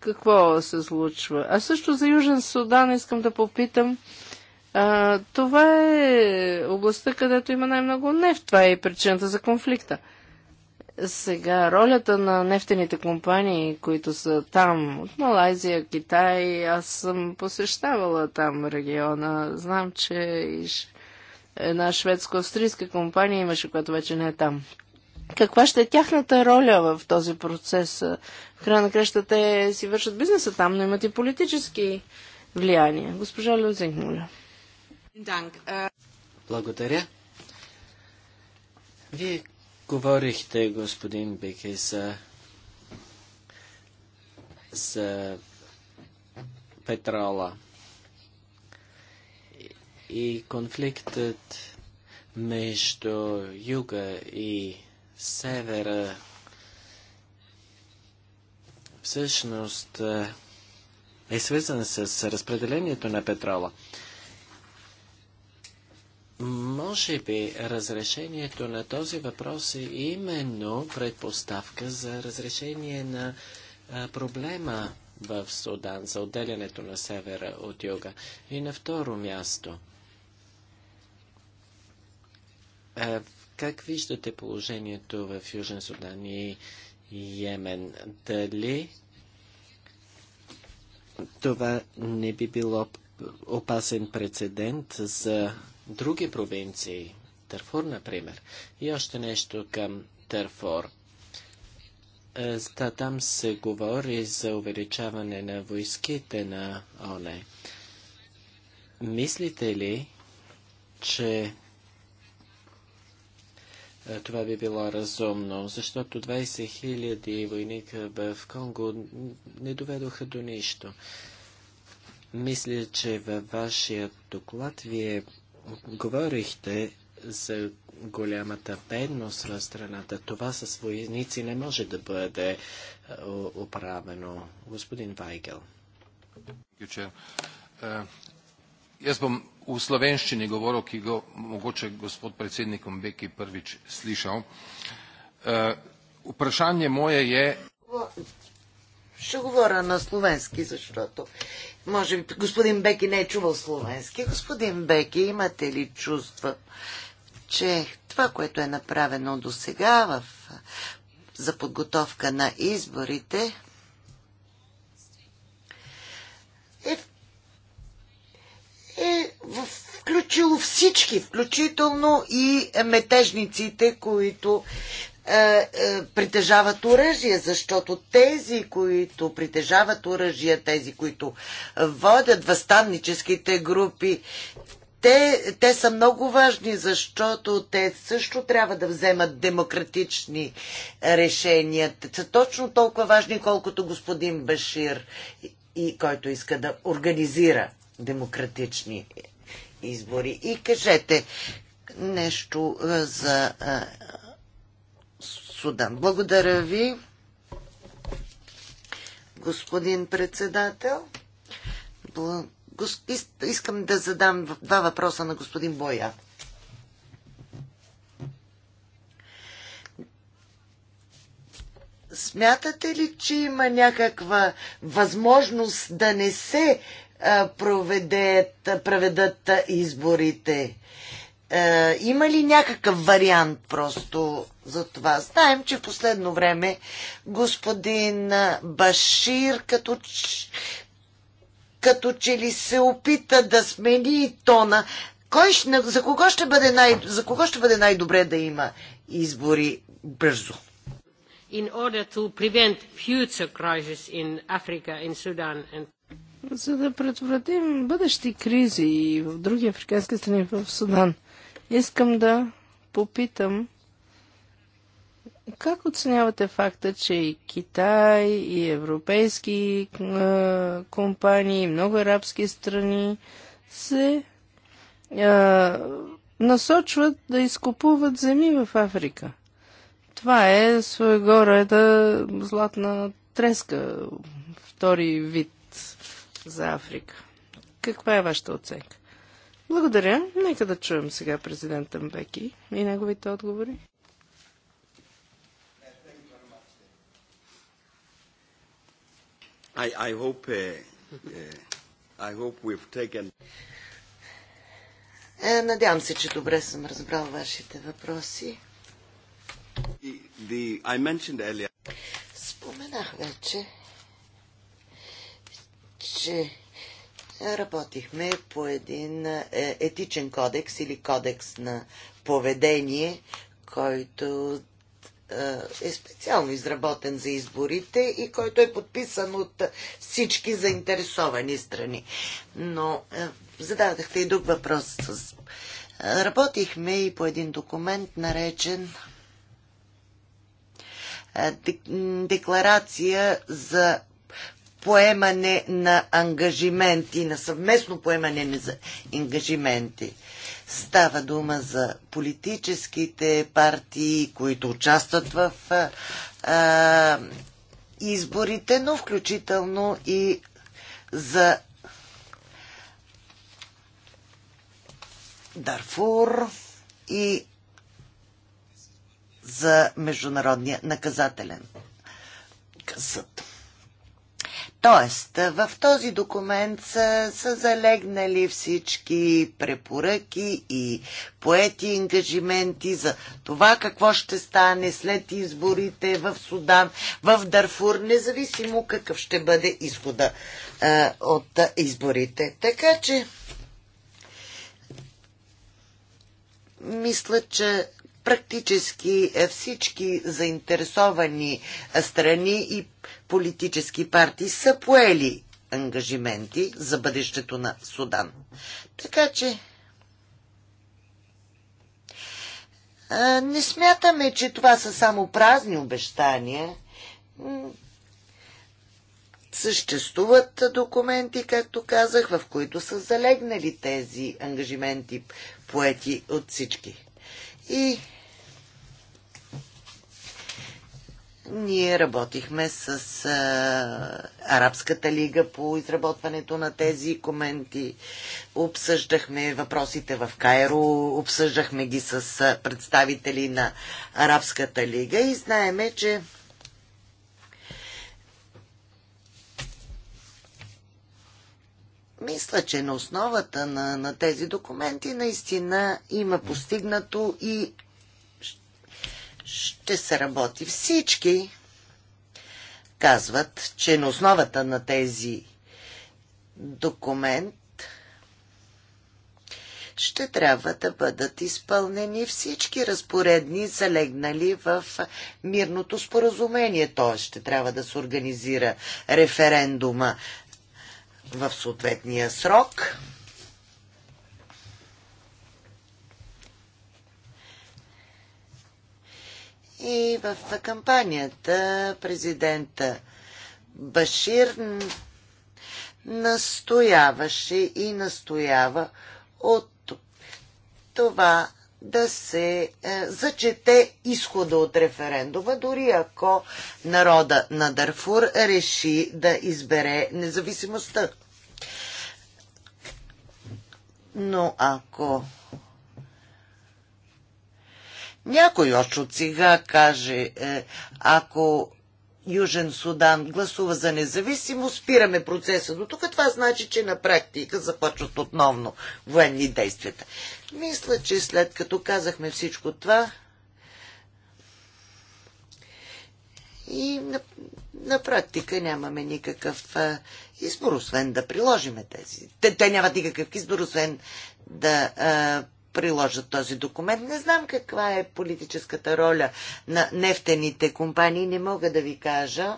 какво се случва? А също за Южен Судан искам да попитам. А, това е областта, където има най-много нефт. Това е и причината за конфликта. Сега, ролята на нефтените компании, които са там, от Малайзия, Китай, аз съм посещавала там региона. Знам, че и една шведско-австрийска компания имаше, която вече не е там. Каква ще е тяхната роля в този процес? В края на креща те си вършат бизнеса там, но имат и политически влияния. Госпожа Люзинг, моля. Благодаря. Вие говорихте, господин Беке, за, за петрола и конфликтът между юга и севера всъщност е свързан с разпределението на петрола. Може би разрешението на този въпрос е именно предпоставка за разрешение на проблема в Судан за отделянето на севера от юга. И на второ място – как виждате положението в Южен Судан и Йемен? Дали това не би било опасен прецедент за други провинции? Търфор, например. И още нещо към Търфор. Та там се говори за увеличаване на войските на ОНЕ. Мислите ли, че е, това би било разумно, защото 20 000 войника в Конго не доведоха до нищо. Мисля, че във вашия доклад вие говорихте за голямата бедност в страната. Това с войници не може да бъде е, оправено. Господин Вайгел. Jaz bom v slovenščini govoril, ki ga mogoče gospod predsednik Mbeki prvič slišal. Eh, vprašanje moje je... Ще говоря на словенски, защото може би господин Беки не е чувал словенски. Господин Беки, имате ли чувства, че това, което е направено до сега в, за подготовка на изборите, е в е включило всички, включително и метежниците, които е, е, притежават оръжие, защото тези, които притежават оръжие, тези, които водят възстанническите групи, те, те са много важни, защото те също трябва да вземат демократични решения. Те са точно толкова важни, колкото господин Башир, и, който иска да организира демократични избори. И кажете нещо за Судан. Благодаря ви, господин председател. Искам да задам два въпроса на господин Боя. Смятате ли, че има някаква възможност да не се проведет, проведат изборите. Има ли някакъв вариант просто за това? Знаем, че в последно време господин Башир като, като че ли се опита да смени тона. Кой, за, кого ще бъде най, за кого ще бъде най-добре да има избори бързо? in order to prevent future crises in Africa, in Sudan and за да предотвратим бъдещи кризи и в други африкански страни, в Судан. Искам да попитам как оценявате факта, че и Китай, и европейски е, компании, и много арабски страни се е, насочват да изкупуват земи в Африка? Това е своего рода златна треска, втори вид за Африка. Каква е вашата оценка? Благодаря. Нека да чуем сега президента Мбеки и неговите отговори. I, I hope, uh, uh, I hope we've taken... Е, надявам се, че добре съм разбрал вашите въпроси. The, the, I mentioned earlier. Споменах вече, че работихме по един е, етичен кодекс или кодекс на поведение, който е, е специално изработен за изборите и който е подписан от всички заинтересовани страни. Но е, зададахте и друг въпрос. Работихме и по един документ, наречен Декларация за поемане на ангажименти, на съвместно поемане на ангажименти. Става дума за политическите партии, които участват в а, изборите, но включително и за Дарфур и за Международния наказателен съд. Тоест, в този документ са, са залегнали всички препоръки и поети ангажименти за това какво ще стане след изборите в Судан, в Дарфур, независимо какъв ще бъде изхода а, от а, изборите. Така че, мисля, че практически е, всички заинтересовани страни и политически партии са поели ангажименти за бъдещето на Судан. Така че не смятаме, че това са само празни обещания. Съществуват документи, както казах, в които са залегнали тези ангажименти, поети от всички. И Ние работихме с а, Арабската лига по изработването на тези коменти. Обсъждахме въпросите в Кайро, обсъждахме ги с а, представители на Арабската лига и знаеме, че Мисля, че на основата на, на тези документи наистина има постигнато и ще се работи. Всички казват, че на основата на тези документ ще трябва да бъдат изпълнени всички разпоредни, залегнали в мирното споразумение. Т.е. ще трябва да се организира референдума в съответния срок. И в кампанията президента Башир настояваше и настоява от това да се е, зачете изхода от референдума, дори ако народа на Дарфур реши да избере независимостта. Но ако някой още от сега каже, е, ако Южен Судан гласува за независимост, спираме процеса до тук. Това значи, че на практика започват отново военни действията. Мисля, че след като казахме всичко това и на, на практика нямаме никакъв а, е, избор, освен да приложиме тези. Те, те нямат никакъв избор, освен да а, е, приложат този документ. Не знам каква е политическата роля на нефтените компании, не мога да ви кажа.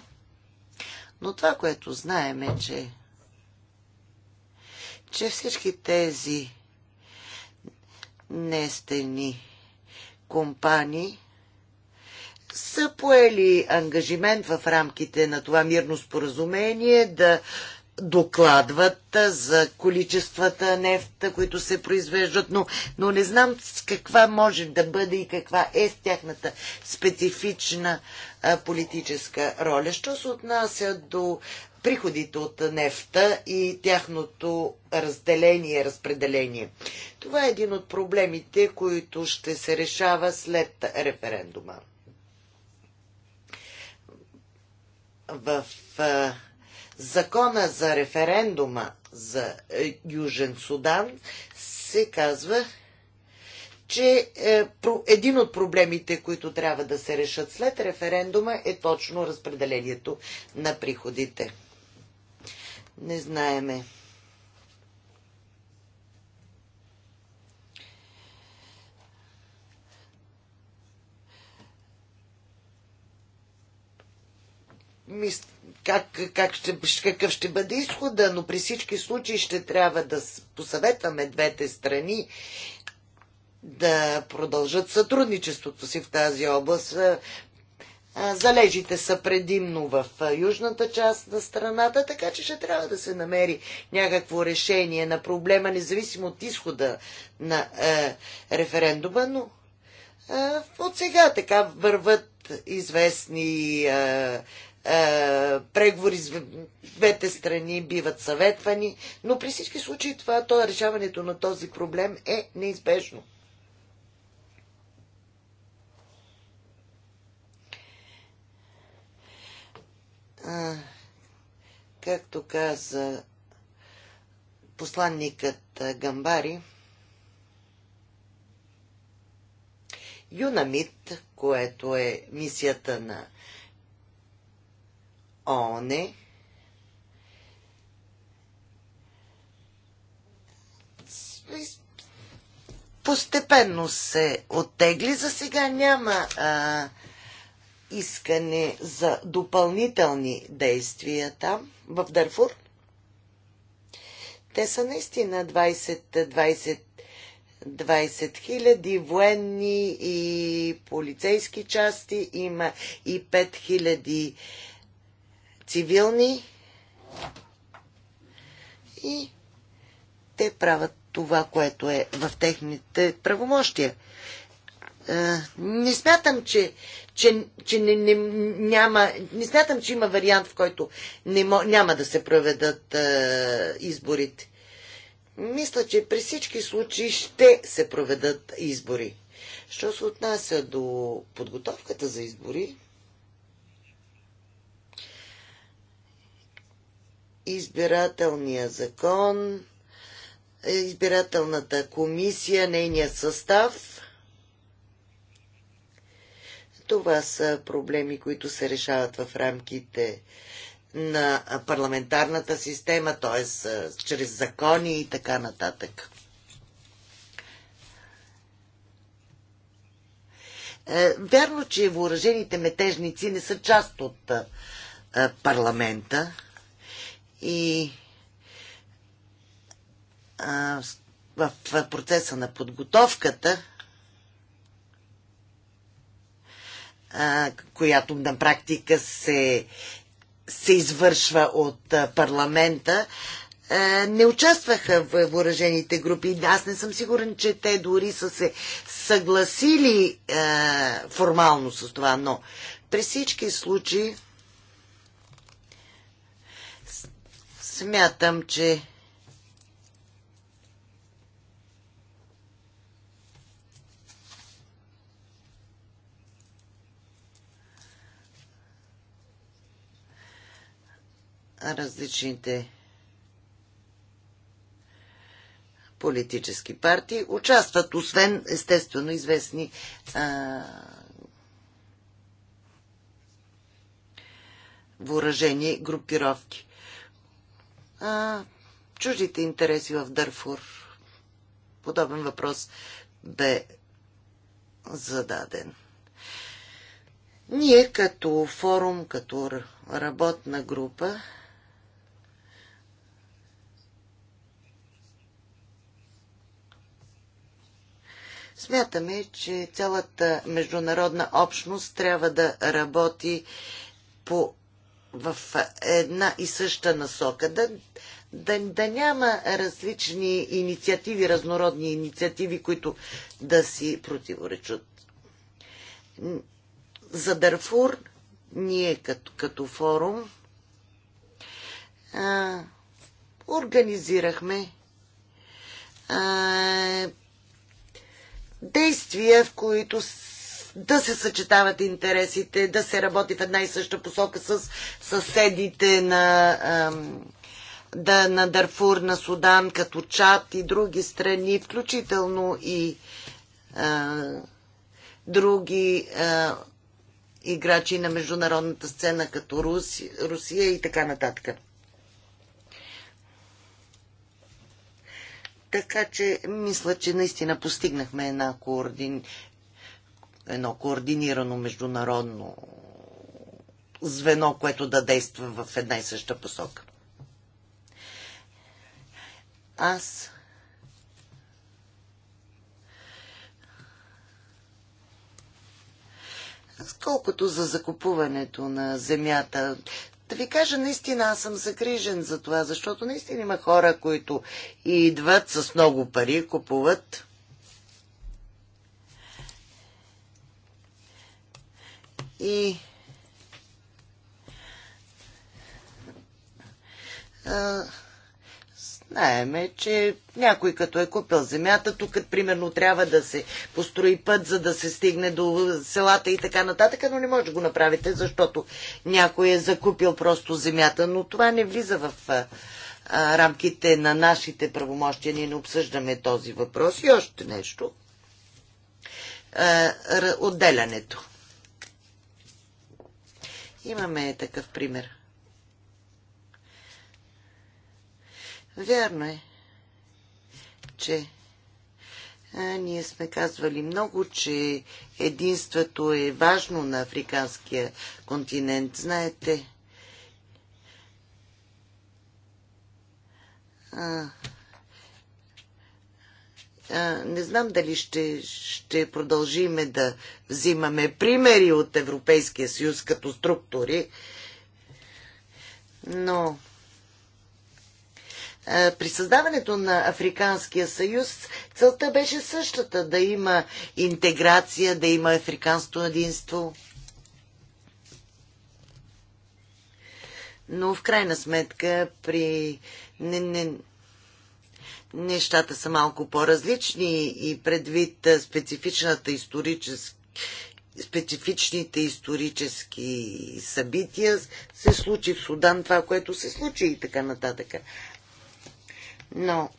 Но това, което знаем е, че, че всички тези нестени компании са поели ангажимент в рамките на това мирно споразумение да докладват за количествата нефта, които се произвеждат, но, но не знам каква може да бъде и каква е с тяхната специфична а, политическа роля. Що се отнася до приходите от нефта и тяхното разделение, разпределение. Това е един от проблемите, които ще се решава след референдума. В а, закона за референдума за е, Южен Судан се казва, че е, един от проблемите, които трябва да се решат след референдума е точно разпределението на приходите. Не знаеме. Мист, как, как ще, какъв ще бъде изхода, но при всички случаи ще трябва да посъветваме двете страни да продължат сътрудничеството си в тази област. Залежите са предимно в южната част на страната, така че ще трябва да се намери някакво решение на проблема, независимо от изхода на е, референдума, но е, от сега така върват известни е, е, преговори с двете страни биват съветвани, но при всички случаи това, то е решаването на този проблем е неизбежно. А, както каза посланникът Гамбари, Юнамит, което е мисията на ООН постепенно се оттегли. За сега няма а, искане за допълнителни действия там, в Дърфур. Те са наистина 20-20 20 хиляди 20 военни и полицейски части, има и 5 хиляди 000 цивилни и те правят това, което е в техните правомощия. Е, не смятам, че, че, че не, не, няма, не смятам, че има вариант, в който не, няма да се проведат е, изборите. Мисля, че при всички случаи ще се проведат избори. Що се отнася до подготовката за избори, избирателния закон, избирателната комисия, нейния състав. Това са проблеми, които се решават в рамките на парламентарната система, т.е. чрез закони и така нататък. Е, вярно, че въоръжените метежници не са част от е, парламента, и а, в, в процеса на подготовката, а, която на практика се, се извършва от а, парламента, не участваха в въоръжените групи. Аз не съм сигурен, че те дори са се съгласили е, формално с това, но при всички случаи Смятам, че различните политически партии участват, освен естествено известни а, въоръжени групировки а, чуждите интереси в Дърфур. Подобен въпрос бе зададен. Ние като форум, като работна група, Смятаме, че цялата международна общност трябва да работи по в една и съща насока. Да, да, да няма различни инициативи, разнородни инициативи, които да си противоречат. За Дарфур, ние като, като форум, а, организирахме а, действия, в които да се съчетават интересите, да се работи в една и съща посока с съседите на, да, на Дарфур, на Судан, като Чад и други страни, включително и а, други а, играчи на международната сцена, като Руси, Русия и така нататък. Така че мисля, че наистина постигнахме една координ едно координирано международно звено, което да действа в една и съща посока. Аз Колкото за закупуването на земята, да ви кажа, наистина аз съм загрижен за това, защото наистина има хора, които идват с много пари, купуват и а, знаеме, че някой като е купил земята, тук примерно трябва да се построи път, за да се стигне до селата и така нататък, но не може да го направите, защото някой е закупил просто земята, но това не влиза в а, рамките на нашите правомощия. Ние не обсъждаме този въпрос и още нещо. А, отделянето. Имаме такъв пример. Вярно е, че а, ние сме казвали много, че единството е важно на африканския континент. Знаете, а, не знам дали ще, ще продължиме да взимаме примери от Европейския съюз като структури, но при създаването на Африканския съюз целта беше същата да има интеграция, да има африканско единство. Но в крайна сметка при не, не, нещата са малко по-различни и предвид специфичната историческа специфичните исторически събития се случи в Судан това, което се случи и така нататък. Но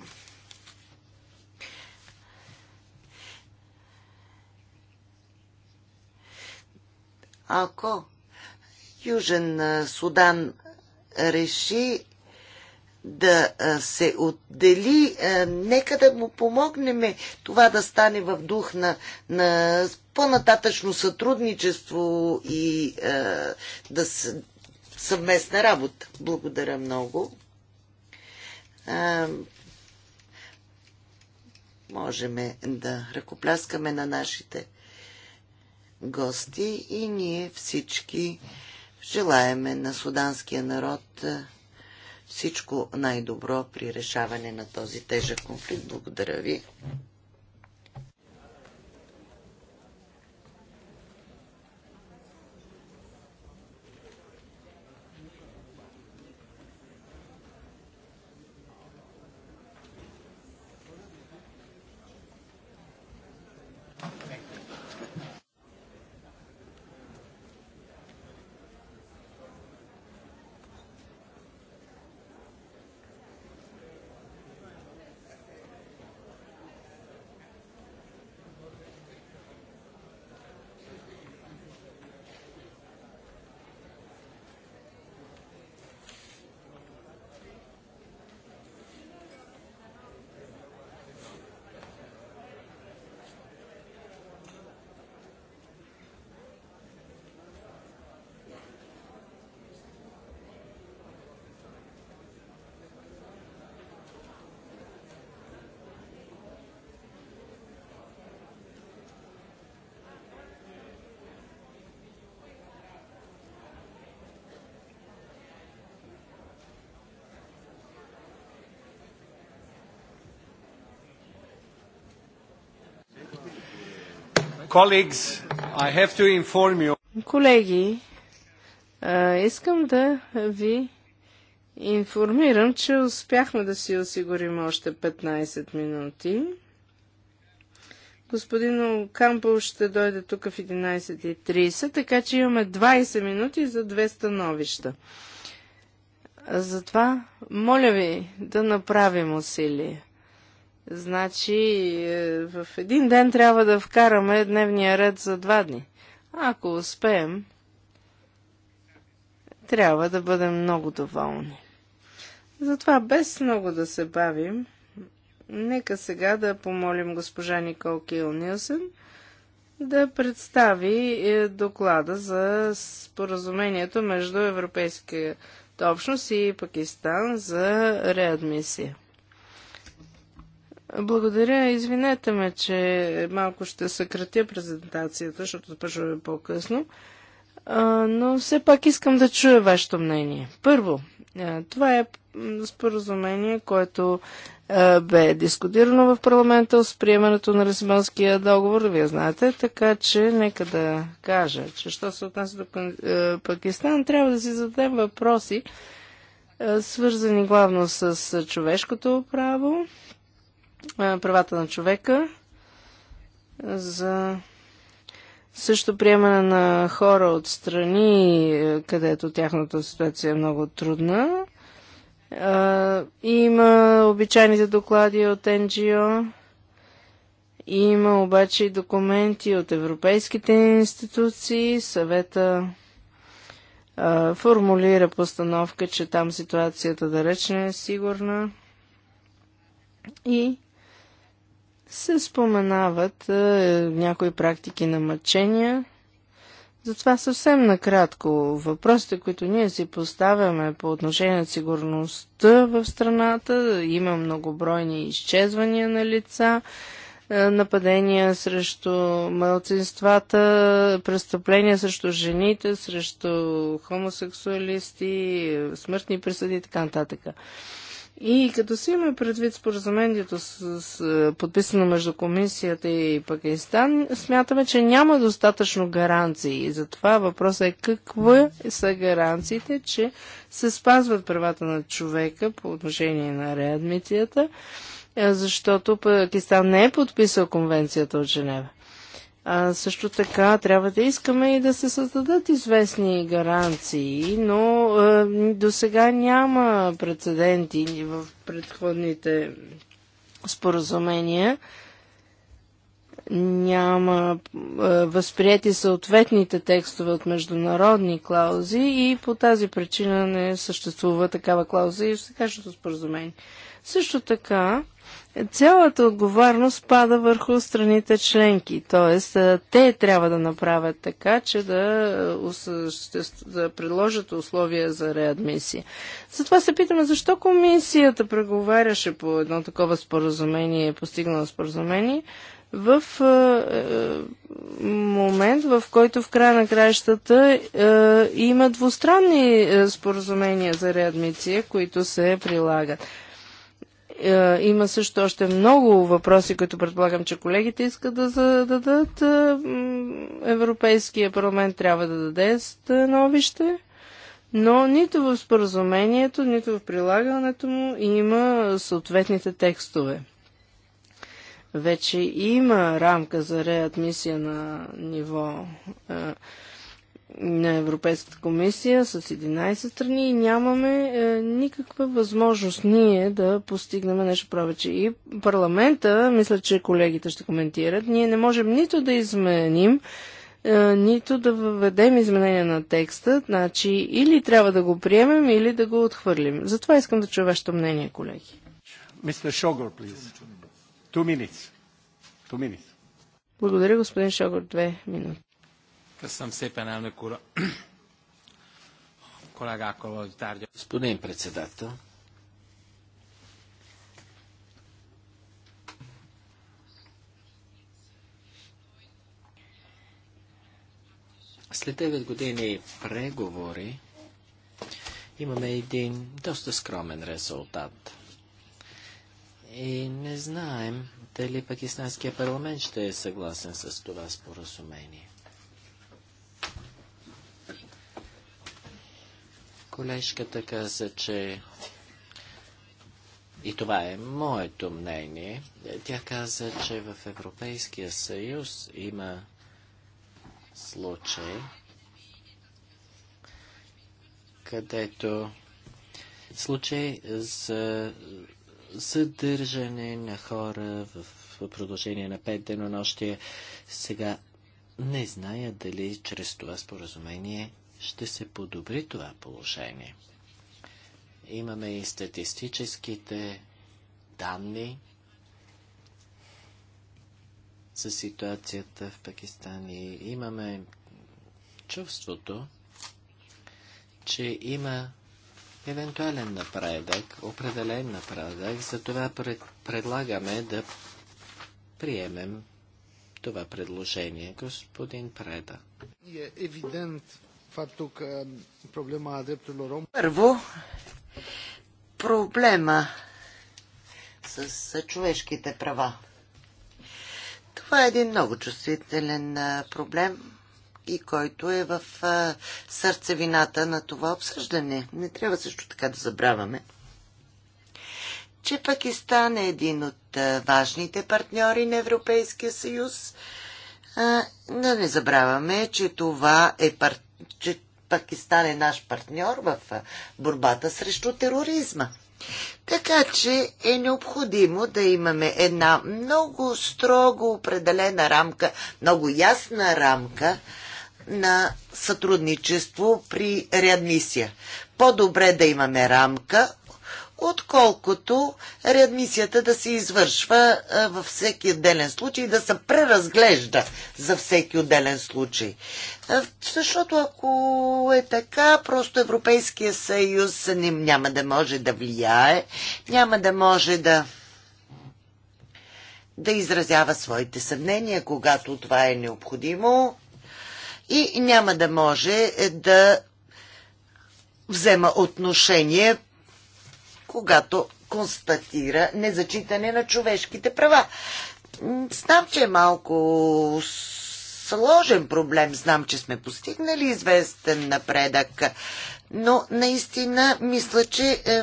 ако Южен Судан реши да се отдели, нека да му помогнем това да стане в дух на, на по-нататъчно сътрудничество и да с, съвместна работа. Благодаря много. Можеме можем да ръкопляскаме на нашите гости и ние всички желаеме на суданския народ всичко най-добро при решаване на този тежък конфликт. Благодаря ви. Колеги, искам да ви информирам, че успяхме да си осигурим още 15 минути. Господин Кампъл ще дойде тук в 11.30, така че имаме 20 минути за две становища. Затова, моля ви да направим усилие. Значи е, в един ден трябва да вкараме дневния ред за два дни. Ако успеем, трябва да бъдем много доволни. Затова без много да се бавим, нека сега да помолим госпожа Никол Кил Нилсен да представи е, доклада за споразумението между Европейската общност и Пакистан за реадмисия. Благодаря. Извинете ме, че малко ще съкратя презентацията, защото започваме по-късно. Но все пак искам да чуя вашето мнение. Първо, това е споразумение, което бе дискутирано в парламента с приемането на Лисабонския договор, вие знаете, така че нека да кажа, че що се отнася до Пакистан, трябва да си зададем въпроси, свързани главно с човешкото право, правата на човека, за също приемане на хора от страни, където тяхната ситуация е много трудна. Има обичайните доклади от НГО. Има обаче и документи от европейските институции. Съвета формулира постановка, че там ситуацията далеч не е сигурна. И се споменават е, някои практики на мъчения. Затова съвсем накратко въпросите, които ние си поставяме по отношение на сигурността в страната, има многобройни изчезвания на лица, е, нападения срещу мълцинствата, престъпления срещу жените, срещу хомосексуалисти, е, смъртни присъди и така нататък. И като си имаме предвид споразумението с, с, подписано между комисията и Пакистан, смятаме, че няма достатъчно гаранции. И затова въпросът е какво са гаранциите, че се спазват правата на човека по отношение на реадмицията, е, защото Пакистан не е подписал конвенцията от Женева. А, също така трябва да искаме и да се създадат известни гаранции, но а, до сега няма прецеденти в предходните споразумения. Няма а, възприяти съответните текстове от международни клаузи и по тази причина не съществува такава клауза и в сегашното споразумение. Също така, Цялата отговорност пада върху страните членки, т.е. те трябва да направят така, че да, да предложат условия за реадмисия. Затова се питаме, защо комисията преговаряше по едно такова споразумение, постигнало споразумение, в е, момент, в който в края на краищата е, има двустранни е, споразумения за реадмисия, които се прилагат. Е, има също още много въпроси, които предполагам, че колегите искат да зададат. Е, Европейския парламент трябва да даде становище, но нито в споразумението, нито в прилагането му има съответните текстове. Вече има рамка за реадмисия на ниво е, на Европейската комисия с 11 страни и нямаме е, никаква възможност ние да постигнем нещо повече. И парламента, мисля, че колегите ще коментират, ние не можем нито да изменим, е, нито да въведем изменения на текста, значи или трябва да го приемем, или да го отхвърлим. Затова искам да чуя вашето мнение, колеги. Мистер Шогор, Two minutes. Two minutes. Благодаря, господин Шогор. Две минути. Köszönöm szépen, elnök úr. Kollégákkal való Господин председател, След 9 години преговори имаме един доста скромен резултат. И не знаем дали пакистанския парламент ще е съгласен с това споразумение. Колежката каза, че и това е моето мнение. Тя каза, че в Европейския съюз има случай, където случай за задържане на хора в продължение на пет денонощия. Сега не зная дали чрез това споразумение ще се подобри това положение. Имаме и статистическите данни за ситуацията в Пакистан и имаме чувството, че има евентуален напредък, определен напредък, затова пред, предлагаме да приемем това предложение, господин Преда. Е евидент faptul că problema drepturilor omului... Първо, проблема с, с човешките права. Това е един много чувствителен проблем и който е в сърцевината на това обсъждане. Не трябва също така да забравяме, че Пакистан е един от важните партньори на Европейския съюз. Да не забравяме, че това е партньор че Пакистан е наш партньор в борбата срещу тероризма. Така че е необходимо да имаме една много строго определена рамка, много ясна рамка на сътрудничество при реадмисия. По-добре да имаме рамка, отколкото реадмисията да се извършва във всеки отделен случай, да се преразглежда за всеки отделен случай. Защото ако е така, просто Европейския съюз няма да може да влияе, няма да може да да изразява своите съмнения, когато това е необходимо и няма да може е, да взема отношение когато констатира незачитане на човешките права. Знам, че е малко сложен проблем, знам, че сме постигнали известен напредък, но наистина мисля, че е,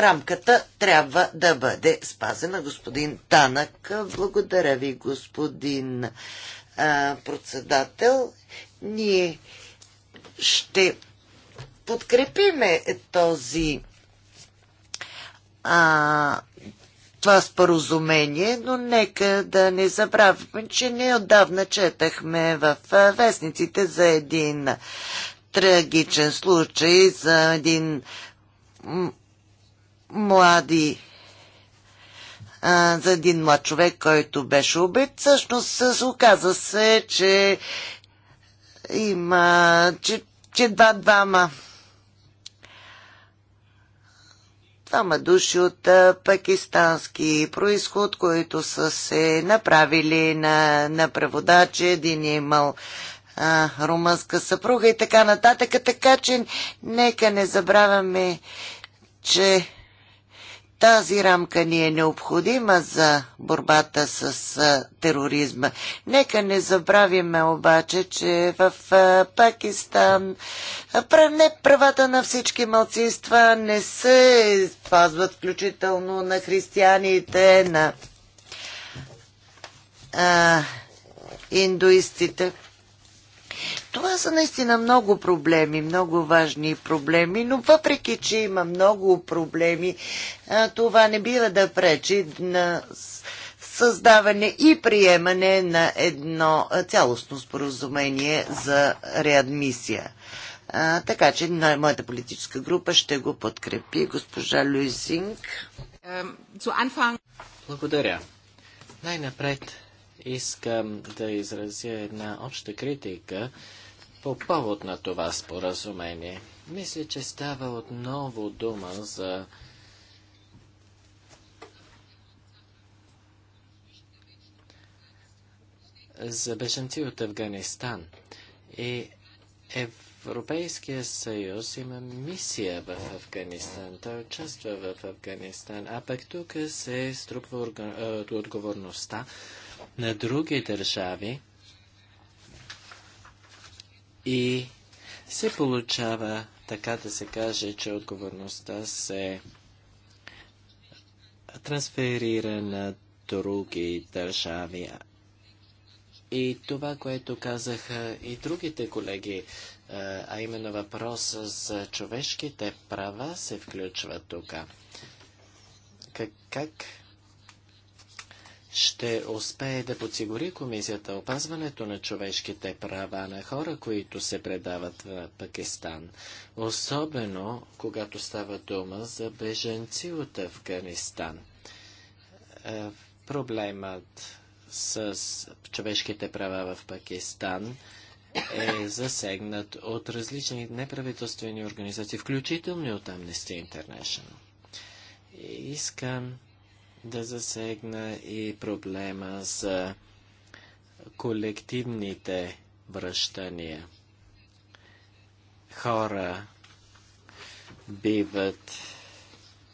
рамката трябва да бъде спазена. Господин Танък, благодаря ви, господин е, председател. Ние ще подкрепиме този а, това споразумение, но нека да не забравяме, че не отдавна четахме в вестниците за един трагичен случай, за един млади за един млад човек, който беше убит. Всъщност оказа се, че има, че, че два двама двама души от пакистански происход, които са се направили на, на преводачи. Един е имал а, румънска съпруга и така нататък. Така че нека не забравяме, че тази рамка ни е необходима за борбата с тероризма. Нека не забравяме обаче, че в Пакистан не правата на всички малцинства не се спазват, включително на християните, на а, индуистите. Това са наистина много проблеми, много важни проблеми, но въпреки, че има много проблеми, това не бива да пречи на създаване и приемане на едно цялостно споразумение за реадмисия. А, така че моята политическа група ще го подкрепи. Госпожа Люйсинг. Благодаря. Най-напред Искам да изразя една обща критика по повод на това споразумение. Мисля, че става отново дума за за беженци от Афганистан. И Европейския съюз има мисия в Афганистан. Той участва в Афганистан. А пък тук се струпва е, отговорността на други държави и се получава, така да се каже, че отговорността се трансферира на други държави. И това, което казаха и другите колеги, а именно въпроса за човешките права се включва тук. Как, как ще успее да подсигури комисията опазването на човешките права на хора, които се предават в Пакистан. Особено, когато става дума за беженци от Афганистан. Е, проблемът с човешките права в Пакистан е засегнат от различни неправителствени организации, включително и от Amnesty International. Искам да засегна и проблема за колективните връщания. Хора биват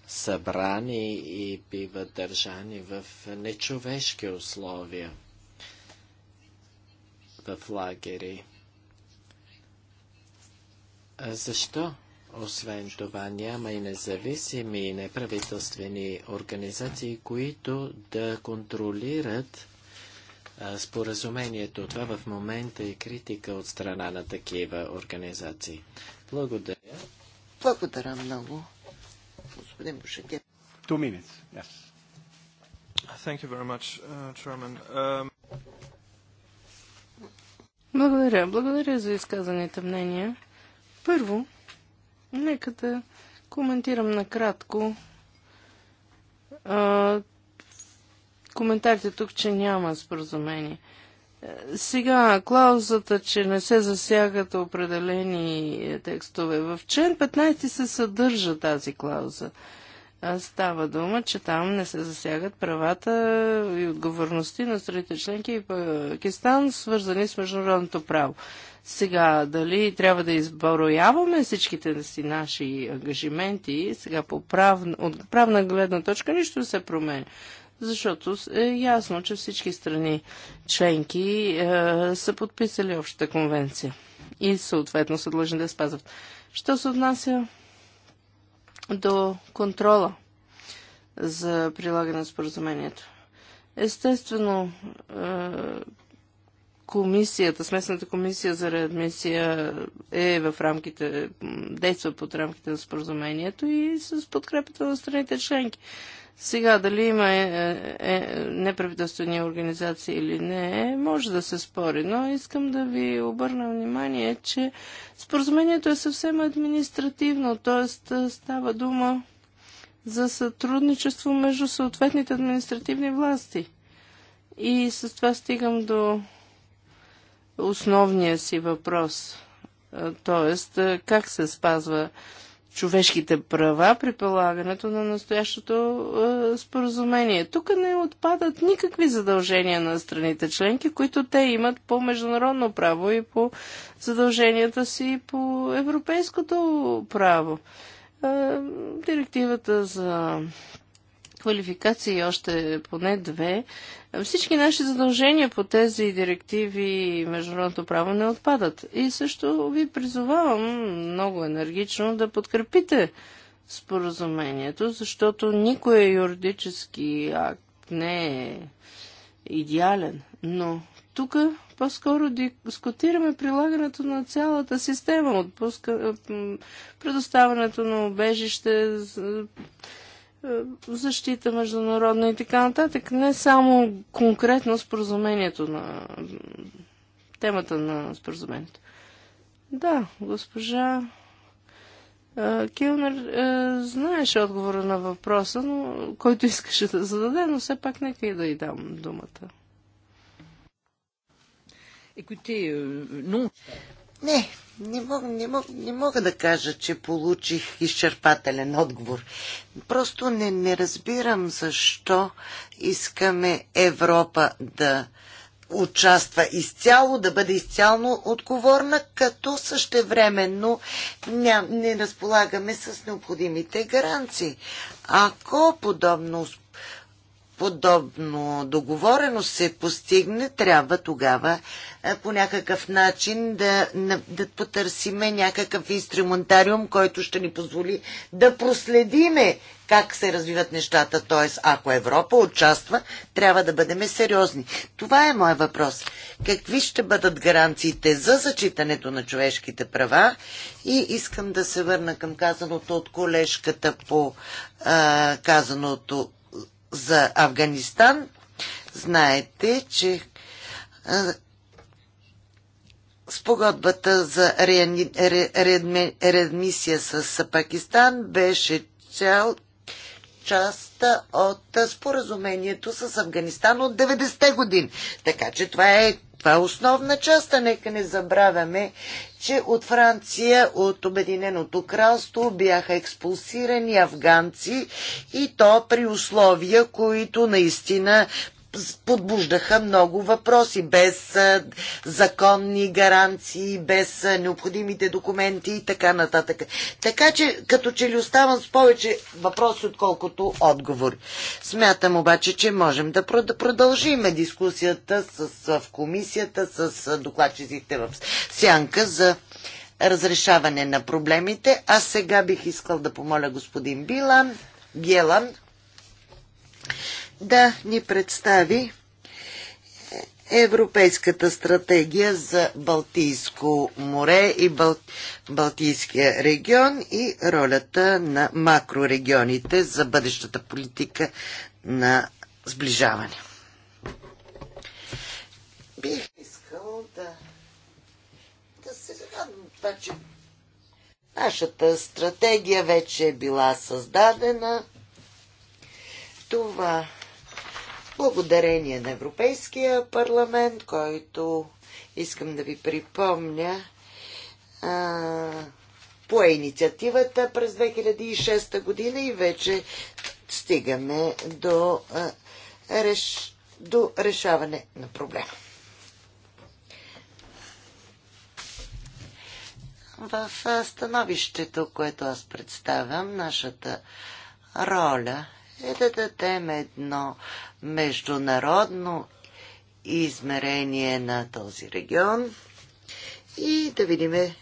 събрани и биват държани в нечовешки условия в лагери. А защо освен това няма и независими и неправителствени организации, които да контролират споразумението. Това в момента е критика от страна на такива организации. Благодаря. Благодаря много, господин Бушекет. Two minutes, yes. Thank you very much, uh, Chairman. Um... Благодаря. Благодаря за изказаните мнения. Първо, Нека да коментирам накратко. А, коментарите тук, че няма споразумение. Е, сега, клаузата, че не се засягат определени е, текстове. В член 15 се съдържа тази клауза. Става дума, че там не се засягат правата и отговорности на страните членки и Пакистан, свързани с международното право. Сега, дали трябва да изброяваме всичките си наши ангажименти, сега по правна, от правна гледна точка нищо се променя. Защото е ясно, че всички страни членки е, са подписали общата конвенция и съответно са длъжни да спазват. Що се отнася до контрола за прилагане на споразумението? Естествено, е, комисията, смесната комисия за реадмисия е в рамките, действа под рамките на споразумението и с подкрепата на страните членки. Сега, дали има е, е, е, неправителствени организации или не, може да се спори, но искам да ви обърна внимание, че споразумението е съвсем административно, т.е. става дума за сътрудничество между съответните административни власти. И с това стигам до основния си въпрос. Тоест, как се спазва човешките права при полагането на настоящото е, споразумение. Тук не отпадат никакви задължения на страните членки, които те имат по международно право и по задълженията си и по европейското право. Е, директивата за квалификации, още поне две, всички наши задължения по тези директиви и международното право не отпадат. И също ви призовавам много енергично да подкрепите споразумението, защото никой юридически акт не е идеален. Но тук по-скоро дискутираме прилагането на цялата система, отпуска, предоставянето на убежище, е, защита международна и така нататък. Не само конкретно споразумението на темата на споразумението. Да, госпожа е, Килнер е, знаеше отговора на въпроса, но, който искаше да зададе, но все пак нека и да й дам думата. Не, не мога, не, мога, не мога да кажа, че получих изчерпателен отговор. Просто не, не разбирам защо искаме Европа да участва изцяло, да бъде изцяло отговорна, като същевременно не, не разполагаме с необходимите гаранции. Ако подобно подобно договорено се постигне, трябва тогава е, по някакъв начин да, да потърсиме някакъв инструментариум, който ще ни позволи да проследиме как се развиват нещата. Т.е. ако Европа участва, трябва да бъдем сериозни. Това е моят въпрос. Какви ще бъдат гаранциите за зачитането на човешките права? И искам да се върна към казаното от колежката по а, е, казаното за Афганистан. Знаете, че спогодбата за реадмисия с Пакистан беше цял част от споразумението с Афганистан от 90-те години. Така че това е това е основна част, а нека не забравяме, че от Франция, от Обединеното кралство бяха експулсирани афганци и то при условия, които наистина подбуждаха много въпроси, без законни гаранции, без необходимите документи и така нататък. Така че, като че ли оставам с повече въпроси, отколкото отговори. Смятам обаче, че можем да продължим дискусията с, в комисията, с докладчиците в сянка за разрешаване на проблемите. А сега бих искал да помоля господин Билан, Гелан, да ни представи Европейската стратегия за Балтийско море и Бал... Балтийския регион и ролята на макрорегионите за бъдещата политика на сближаване. Бих искал да, да се радвам това, че нашата стратегия вече е била създадена. Това благодарение на Европейския парламент, който искам да ви припомня, а, пое инициативата през 2006 година и вече стигаме до, а, реш, до решаване на проблема. В становището, което аз представям, нашата роля – е да дадем едно международно измерение на този регион и да видим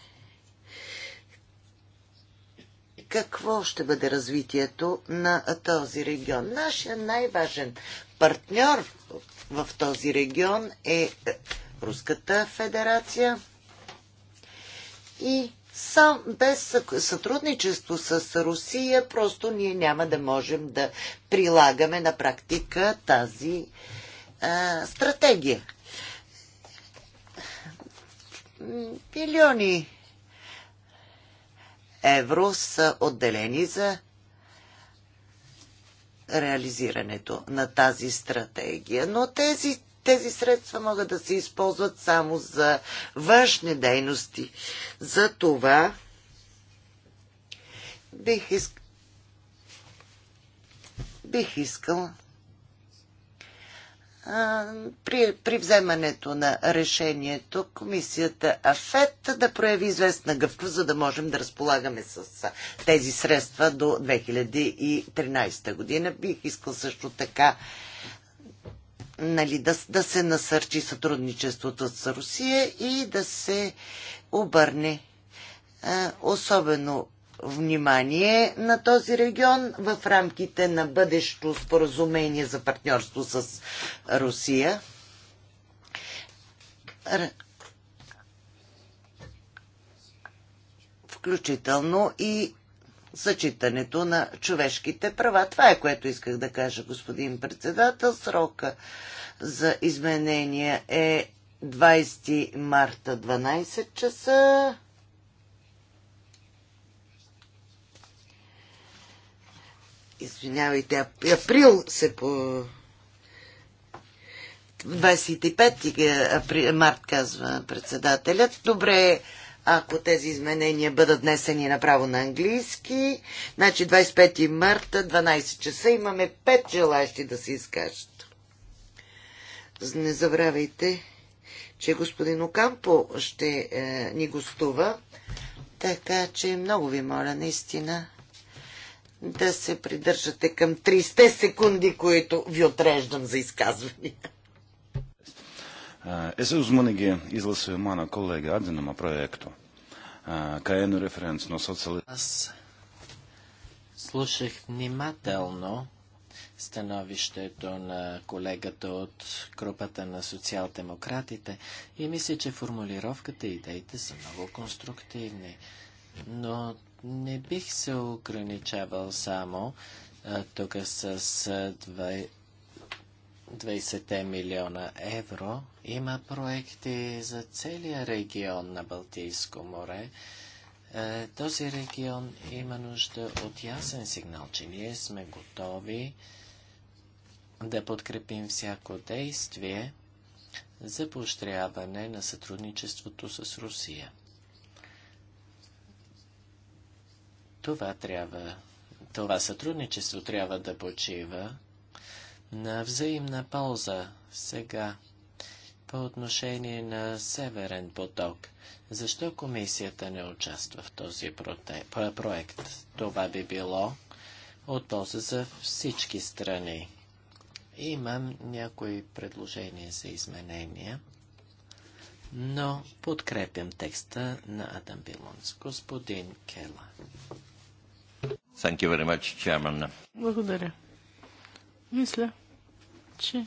какво ще бъде развитието на този регион. Нашия най-важен партньор в този регион е Руската федерация и Сам без сътрудничество с Русия просто ние няма да можем да прилагаме на практика тази а, стратегия. Милиони евро са отделени за реализирането на тази стратегия. Но тези тези средства могат да се използват само за външни дейности. За това бих, иск... бих искал при, при вземането на решението комисията АФЕТ да прояви известна гъвка, за да можем да разполагаме с тези средства до 2013 година. Бих искал също така нали, да, да се насърчи сътрудничеството с Русия и да се обърне а, особено внимание на този регион в рамките на бъдещо споразумение за партньорство с Русия. Включително и съчитането на човешките права. Това е което исках да кажа, господин председател. Срока за изменения е 20 марта 12 часа. Извинявайте, април се по... 25 марта, март, казва председателят. Добре, ако тези изменения бъдат днесени направо на английски. Значи 25 марта, 12 часа, имаме 5 желащи да се изкажат. Не забравяйте, че господин Окампо ще е, ни гостува, така че много ви моля наистина да се придържате към 30 секунди, които ви отреждам за изказвания. Es uzmanīgi izlasīju mana kolēģa atzinuma projektu, kā ēnu referents no sociālistiem. Слушах внимателно становището на колегата от групата на социал-демократите и мисля, че формулировката и идеите са много конструктивни. Но не бих се ограничавал само тук с 20 милиона евро. Има проекти за целия регион на Балтийско море. Е, този регион има нужда от ясен сигнал, че ние сме готови да подкрепим всяко действие за поощряване на сътрудничеството с Русия. Това трябва, това сътрудничество трябва да почива на взаимна полза сега по отношение на Северен поток. Защо комисията не участва в този проект? Това би било от полза за всички страни. Имам някои предложения за изменения, но подкрепям текста на Адам Билонс. Господин Кела. Thank you very much, Chairman. Благодаря. Мисля, че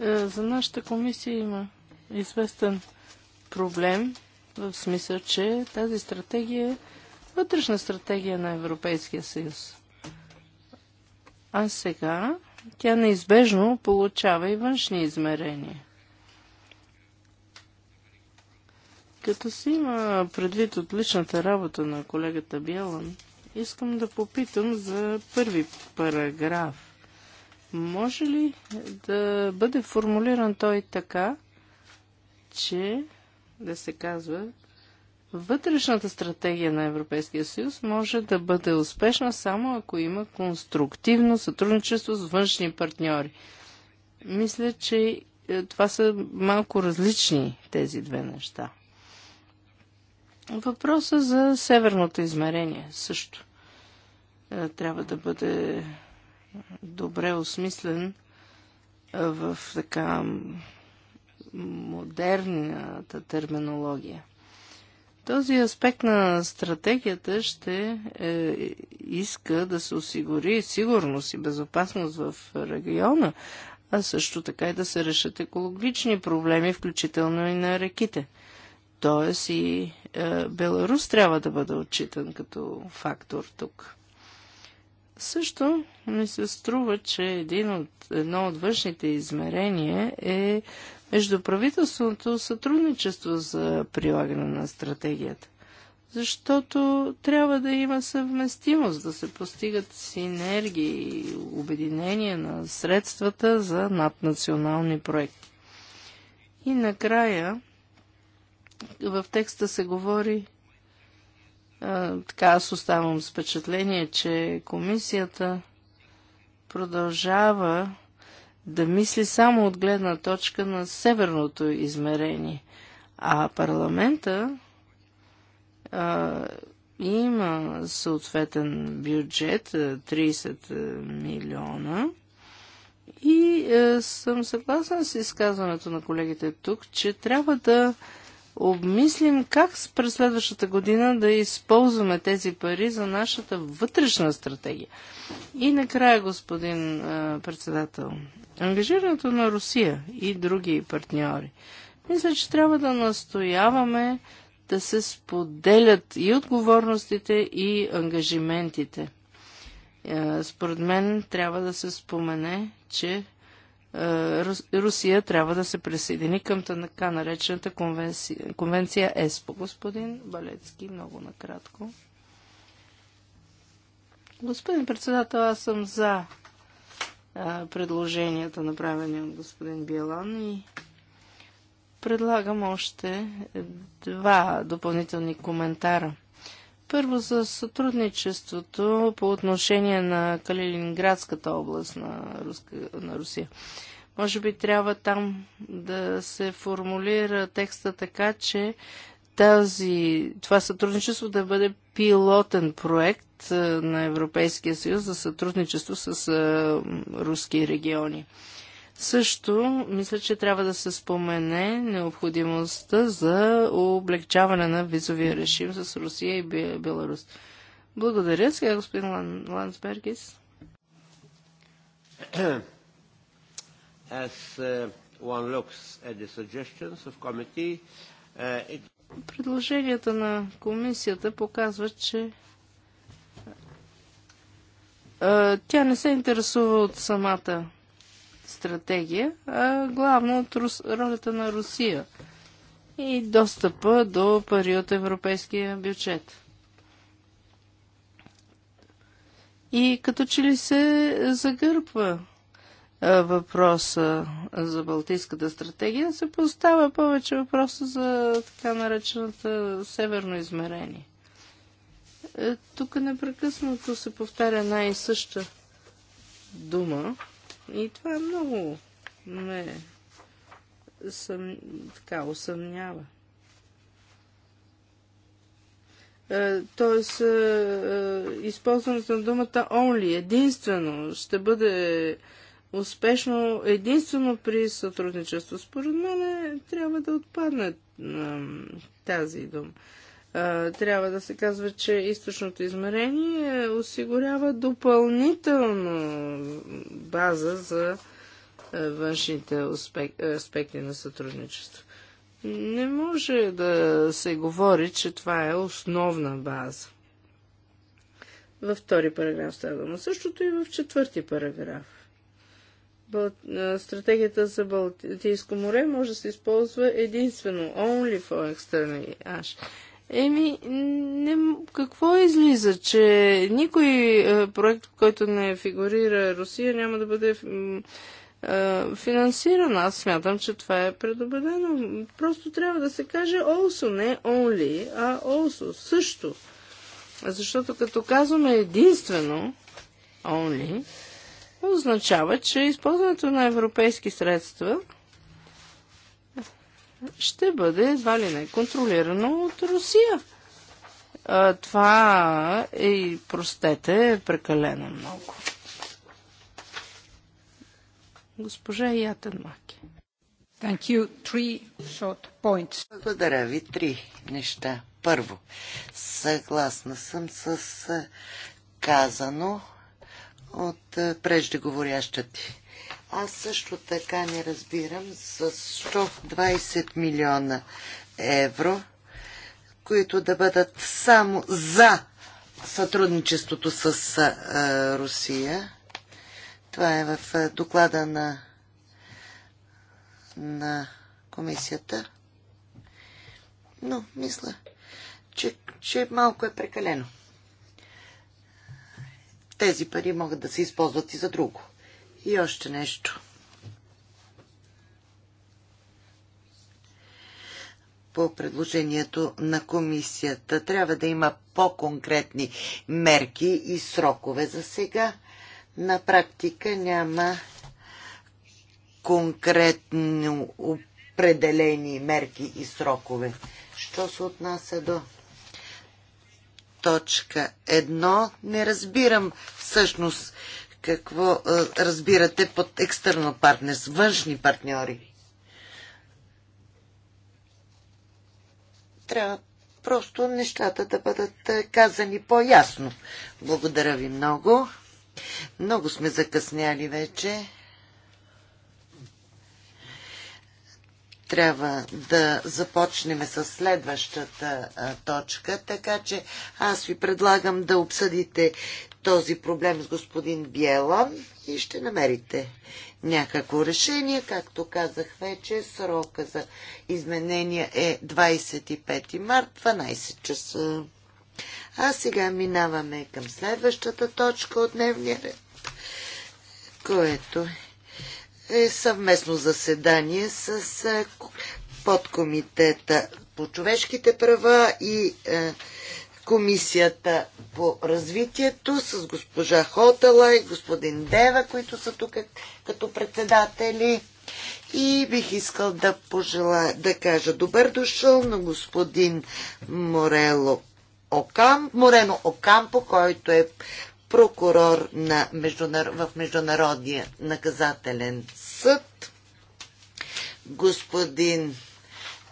е, за нашата комисия има известен проблем, в смисъл, че тази стратегия е вътрешна стратегия на Европейския съюз. А сега тя неизбежно получава и външни измерения. Като си има предвид отличната работа на колегата Бялан, искам да попитам за първи параграф. Може ли да бъде формулиран той така, че да се казва вътрешната стратегия на Европейския съюз може да бъде успешна само ако има конструктивно сътрудничество с външни партньори. Мисля, че е, това са малко различни тези две неща. Въпроса за северното измерение също е, трябва да бъде добре осмислен в така модерната терминология. Този аспект на стратегията ще е, иска да се осигури сигурност и безопасност в региона, а също така и да се решат екологични проблеми, включително и на реките. Тоест и е, Беларус трябва да бъде отчитан като фактор тук. Също ми се струва, че един от, едно от външните измерения е междуправителственото сътрудничество за прилагане на стратегията. Защото трябва да има съвместимост, да се постигат синергии и обединение на средствата за наднационални проекти. И накрая в текста се говори така аз оставам с впечатление, че комисията продължава да мисли само от гледна точка на северното измерение. А парламента а, има съответен бюджет 30 милиона. И е, съм съгласна с изказването на колегите тук, че трябва да обмислим как през следващата година да използваме тези пари за нашата вътрешна стратегия. И накрая, господин а, председател, ангажирането на Русия и други партньори. Мисля, че трябва да настояваме да се споделят и отговорностите, и ангажиментите. Е, според мен трябва да се спомене, че е, Русия трябва да се присъедини към така наречената конвенция, конвенция ЕСПО. Господин Балецки, много накратко. Господин председател, аз съм за е, предложенията, направени от господин Биелан и предлагам още два допълнителни коментара. Първо за сътрудничеството по отношение на Калининградската област на, Руска, на Русия. Може би трябва там да се формулира текста така, че тази, това сътрудничество да бъде пилотен проект е, на Европейския съюз за сътрудничество с е, руски региони. Също мисля, че трябва да се спомене необходимостта за облегчаване на визовия режим с Русия и Беларус. Благодаря. Сега господин Лан, Лансбергис. As uh, one looks at the suggestions of committee, uh, it... Предложенията на комисията показват, че uh, тя не се интересува от самата стратегия, а главно от Рус... ролята на Русия и достъпа до пари от европейския бюджет. И като че ли се загърпва въпроса за Балтийската стратегия, се поставя повече въпроса за така наречената северно измерение. Е, тук непрекъснато се повтаря най-съща дума. И това много ме съм, така, усъмнява. Е, тоест, е, е, използването на думата only, единствено, ще бъде успешно единствено при сътрудничество. Според мен трябва да отпадне тази дума трябва да се казва, че източното измерение осигурява допълнително база за външните аспекти на сътрудничество. Не може да се говори, че това е основна база. Във втори параграф става дума. Същото и в четвърти параграф. Стратегията за Балтийско море може да се използва единствено only for external ash. Еми, не, какво излиза, че никой е, проект, който не фигурира Русия, няма да бъде е, финансиран. Аз смятам, че това е предобедено. Просто трябва да се каже also, не only, а also, също. Защото като казваме единствено only, означава, че използването на европейски средства ще бъде едва ли не контролирано от Русия. А, това е и простете е прекалено много. Госпожа Маки. Thank you. Three short points. Благодаря ви. Три неща. Първо, съгласна съм с казано от преждеговорящата ти. Аз също така не разбирам с 120 милиона евро, които да бъдат само за сътрудничеството с а, Русия. Това е в доклада на, на комисията. Но мисля, че, че малко е прекалено. Тези пари могат да се използват и за друго. И още нещо. по предложението на комисията. Трябва да има по-конкретни мерки и срокове за сега. На практика няма конкретно определени мерки и срокове. Що се отнася до точка 1, не разбирам всъщност какво е, разбирате под екстерно партнерство, външни партньори? Трябва просто нещата да бъдат е, казани по-ясно. Благодаря ви много. Много сме закъсняли вече. трябва да започнем с следващата е, точка, така че аз ви предлагам да обсъдите този проблем с господин Биелан и ще намерите някакво решение. Както казах вече, срока за изменения е 25 март, 12 часа. А сега минаваме към следващата точка от дневния ред, което е съвместно заседание с е, подкомитета по човешките права и е, Комисията по развитието с госпожа Хотела и господин Дева, които са тук като председатели. И бих искал да пожела, да кажа добър дошъл на господин Морело Окам, Морено Окампо, който е прокурор на междунар... в Международния наказателен съд. Господин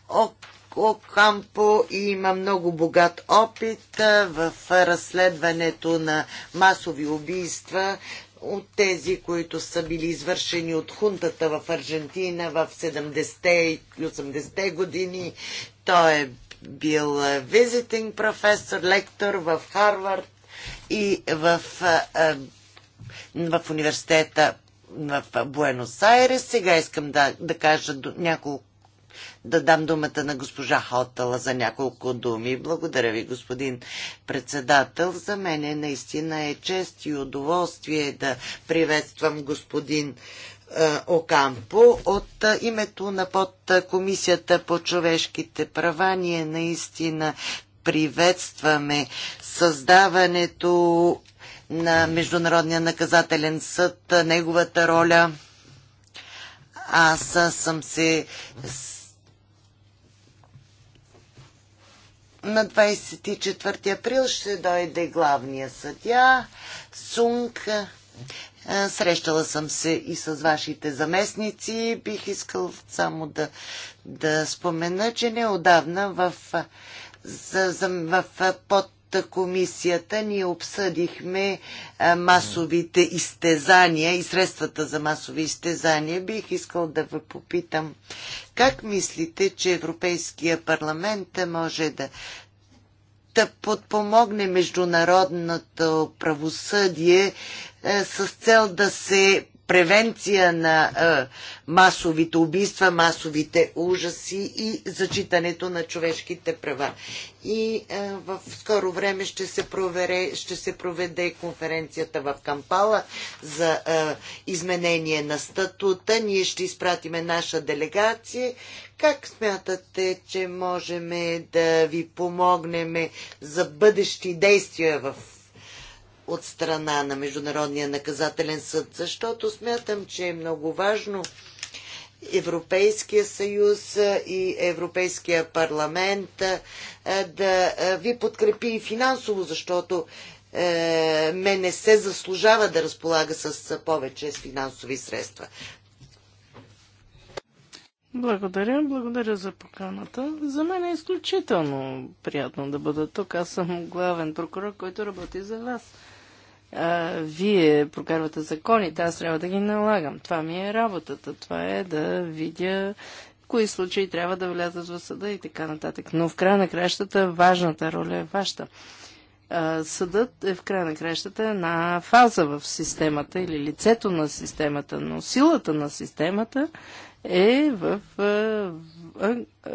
Окампо Окампо има много богат опит в разследването на масови убийства от тези, които са били извършени от хунтата в Аржентина в 70-те и 80-те години. Той е бил визитинг професор, лектор в Харвард и в, в университета в Буенос Айрес. Сега искам да, да кажа няколко да дам думата на госпожа Хотала за няколко думи. Благодаря ви, господин председател. За мен е наистина е чест и удоволствие да приветствам господин е, Окампо. От е, името на подкомисията по човешките права ние наистина приветстваме създаването на Международния наказателен съд, неговата роля. Аз съм се на 24 април ще дойде главния съдя Сунг. Е, срещала съм се и с вашите заместници. Бих искал само да, да спомена, че неодавна в, е, за, за, в е, под комисията ние обсъдихме масовите изтезания и средствата за масови изтезания. Бих искал да ви попитам как мислите, че Европейския парламент може да да подпомогне международното правосъдие с цел да се превенция на а, масовите убийства, масовите ужаси и зачитането на човешките права. И а, в скоро време ще се, провере, ще се проведе конференцията в Кампала за а, изменение на статута. Ние ще изпратиме наша делегация. Как смятате, че можем да ви помогнем за бъдещи действия в от страна на Международния наказателен съд, защото смятам, че е много важно Европейския съюз и Европейския парламент е, да е, ви подкрепи и финансово, защото е, ме не се заслужава да разполага с повече финансови средства. Благодаря, благодаря за поканата. За мен е изключително приятно да бъда тук. Аз съм главен прокурор, който работи за вас а, вие прокарвате законите, аз трябва да ги налагам. Това ми е работата. Това е да видя кои случаи трябва да влязат в съда и така нататък. Но в края на кращата важната роля е вашата. съдът е в края на кращата една фаза в системата или лицето на системата, но силата на системата е в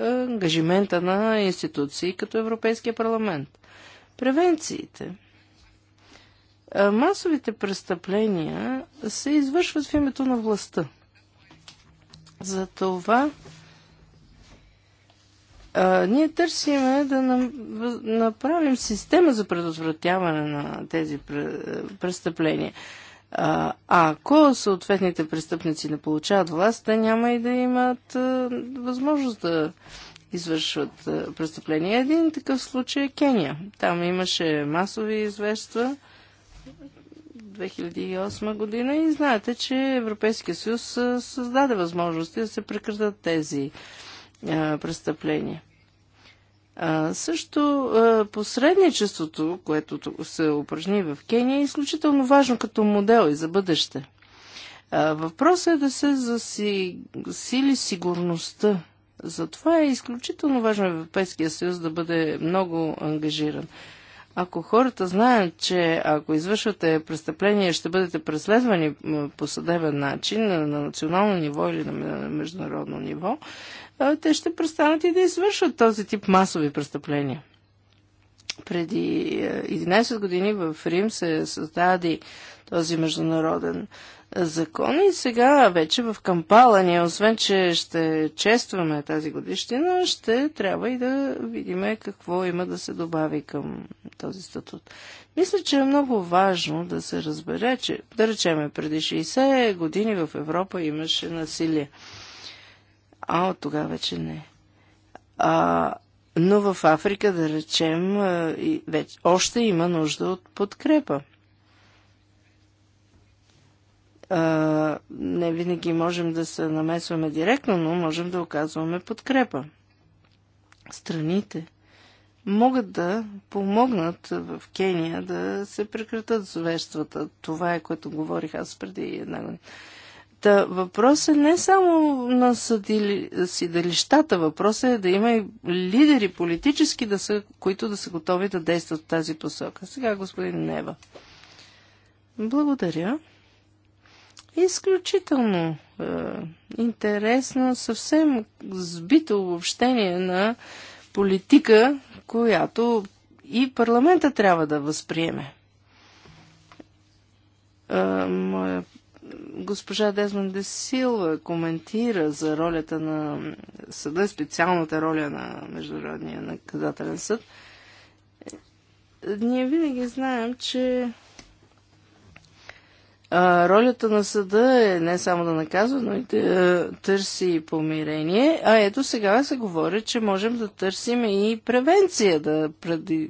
ангажимента на институции като Европейския парламент. Превенциите е, масовите престъпления се извършват в името на властта. Затова а, е, ние търсиме да нам, направим система за предотвратяване на тези престъпления. А, е, ако съответните престъпници не получават власт, те няма и да имат а, възможност да извършват а, престъпления. Един такъв случай е Кения. Там имаше масови известства 2008 година и знаете, че Европейския съюз създаде възможности да се прекратят тези а, престъпления. А, също а, посредничеството, което се упражни в Кения, е изключително важно като модел и за бъдеще. Въпросът е да се засили сигурността. Затова е изключително важно Европейския съюз да бъде много ангажиран. Ако хората знаят, че ако извършвате престъпление, ще бъдете преследвани по съдебен начин на национално ниво или на международно ниво, те ще престанат и да извършват този тип масови престъпления. Преди е, 11 години в Рим се създаде този международен закон. И сега вече в Кампала ние, освен че ще честваме тази годишнина, ще трябва и да видим какво има да се добави към този статут. Мисля, че е много важно да се разбере, че, да речеме, преди 60 години в Европа имаше насилие. А от тогава вече не. А, но в Африка, да речем, вече, още има нужда от подкрепа не винаги можем да се намесваме директно, но можем да оказваме подкрепа. Страните могат да помогнат в Кения да се прекратат зверствата. Това е което говорих аз преди една година. Та въпрос е не само на съдилищата, въпрос е да има и лидери политически, да са, които да са готови да действат в тази посока. Сега господин Нева. Благодаря. Изключително е, интересно, съвсем сбито обобщение на политика, която и парламента трябва да възприеме. Е, моя госпожа Дезмон Десилва коментира за ролята на съда, специалната роля на Международния наказателен съд, е, ние винаги знаем, че а, ролята на съда е не само да наказва, но и да е, търси помирение. А ето сега се говори, че можем да търсим и превенция, да преди...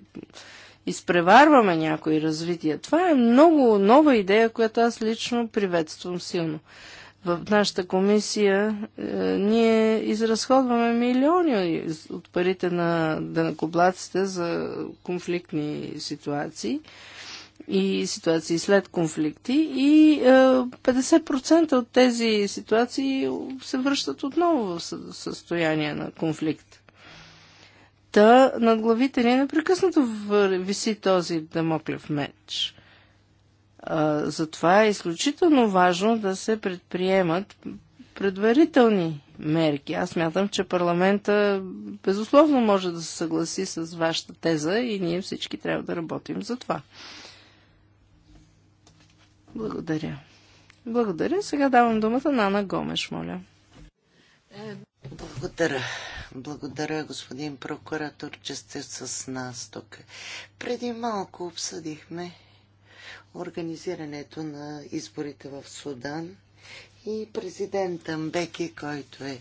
изпреварваме някои развития. Това е много нова идея, която аз лично приветствам силно. В нашата комисия е, ние изразходваме милиони от парите на денакоплаците за конфликтни ситуации – и ситуации след конфликти и 50% е, от тези ситуации се връщат отново в състояние на конфликт. Та над главите ни непрекъснато виси този дамоклев меч. Е, затова е изключително важно да се предприемат предварителни мерки. Аз мятам, че парламента безусловно може да се съгласи с вашата теза и ние всички трябва да работим за това. Благодаря. Благодаря. Сега давам думата на Ана Гомеш, моля. Благодаря. Благодаря, господин прокуратор, че сте с нас тук. Преди малко обсъдихме организирането на изборите в Судан и президент Амбеки, който е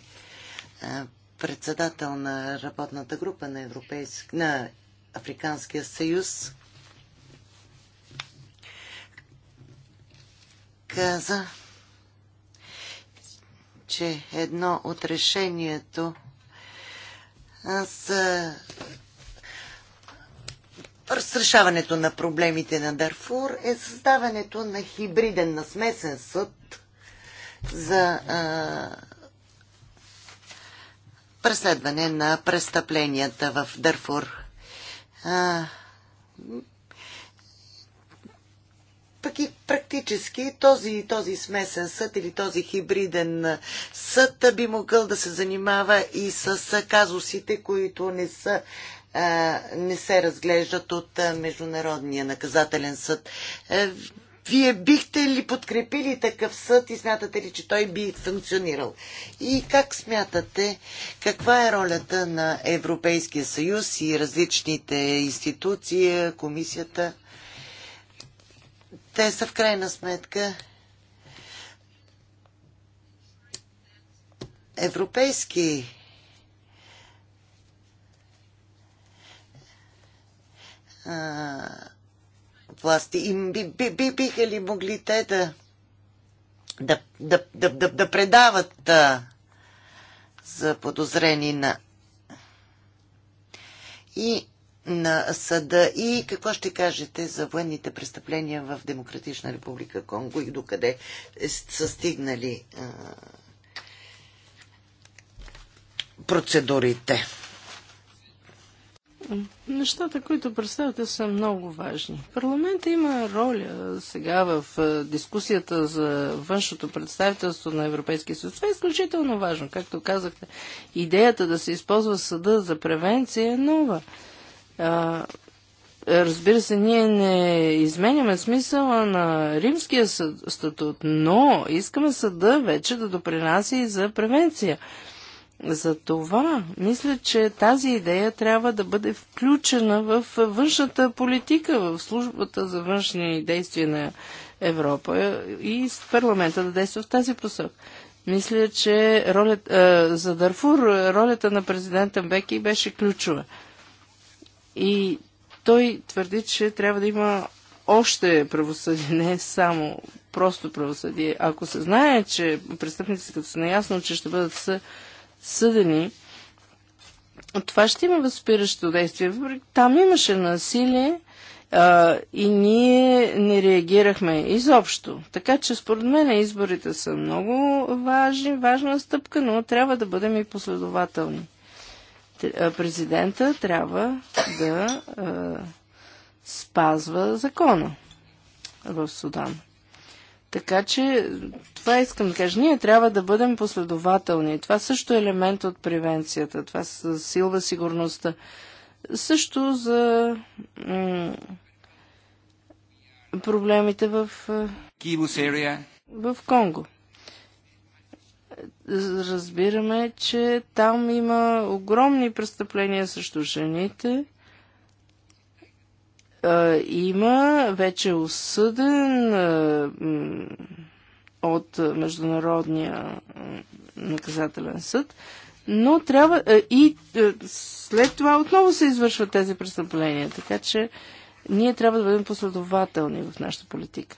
председател на работната група на, Европейск... на Африканския съюз, каза, че едно от решението за разрешаването на проблемите на Дарфур е създаването на хибриден, на смесен съд за а, преследване на престъпленията в Дарфур. А, пък и практически този, този смесен съд или този хибриден съд би могъл да се занимава и с казусите, които не са не се разглеждат от Международния наказателен съд. Е, вие бихте ли подкрепили такъв съд и смятате ли, че той би функционирал? И как смятате, каква е ролята на Европейския съюз и различните институции, комисията? те са в крайна сметка европейски а, власти. И би, би, би, биха ли могли те да, да, да, да, да, да предават а, за подозрени на. И на съда и какво ще кажете за военните престъпления в Демократична република Конго и докъде е, са стигнали а, процедурите? Нещата, които представяте, са много важни. Парламентът има роля сега в дискусията за външното представителство на Европейския съюз. Това е изключително важно. Както казахте, идеята да се използва съда за превенция е нова. Е, разбира се, ние не изменяме смисъла на римския съд, статут, но искаме съда вече да допринася и за превенция. За това мисля, че тази идея трябва да бъде включена в външната политика, в службата за външни действия на Европа и парламента да действа в тази посок. Мисля, че ролят, е, за Дарфур ролята на президента Беки беше ключова. И той твърди, че трябва да има още правосъдие, не само просто правосъдие. Ако се знае, че престъпниците като са наясно, че ще бъдат съдени, това ще има възпиращо действие. Там имаше насилие а, и ние не реагирахме изобщо. Така че според мен изборите са много важни, важна стъпка, но трябва да бъдем и последователни президента трябва да спазва закона в Судан. Така че това искам да кажа. Ние трябва да бъдем последователни. Това също е елемент от превенцията. Това силва сигурността. Също за проблемите в, в Конго разбираме, че там има огромни престъпления срещу жените. Има вече осъден от Международния наказателен съд, но трябва и след това отново се извършват тези престъпления, така че ние трябва да бъдем последователни в нашата политика.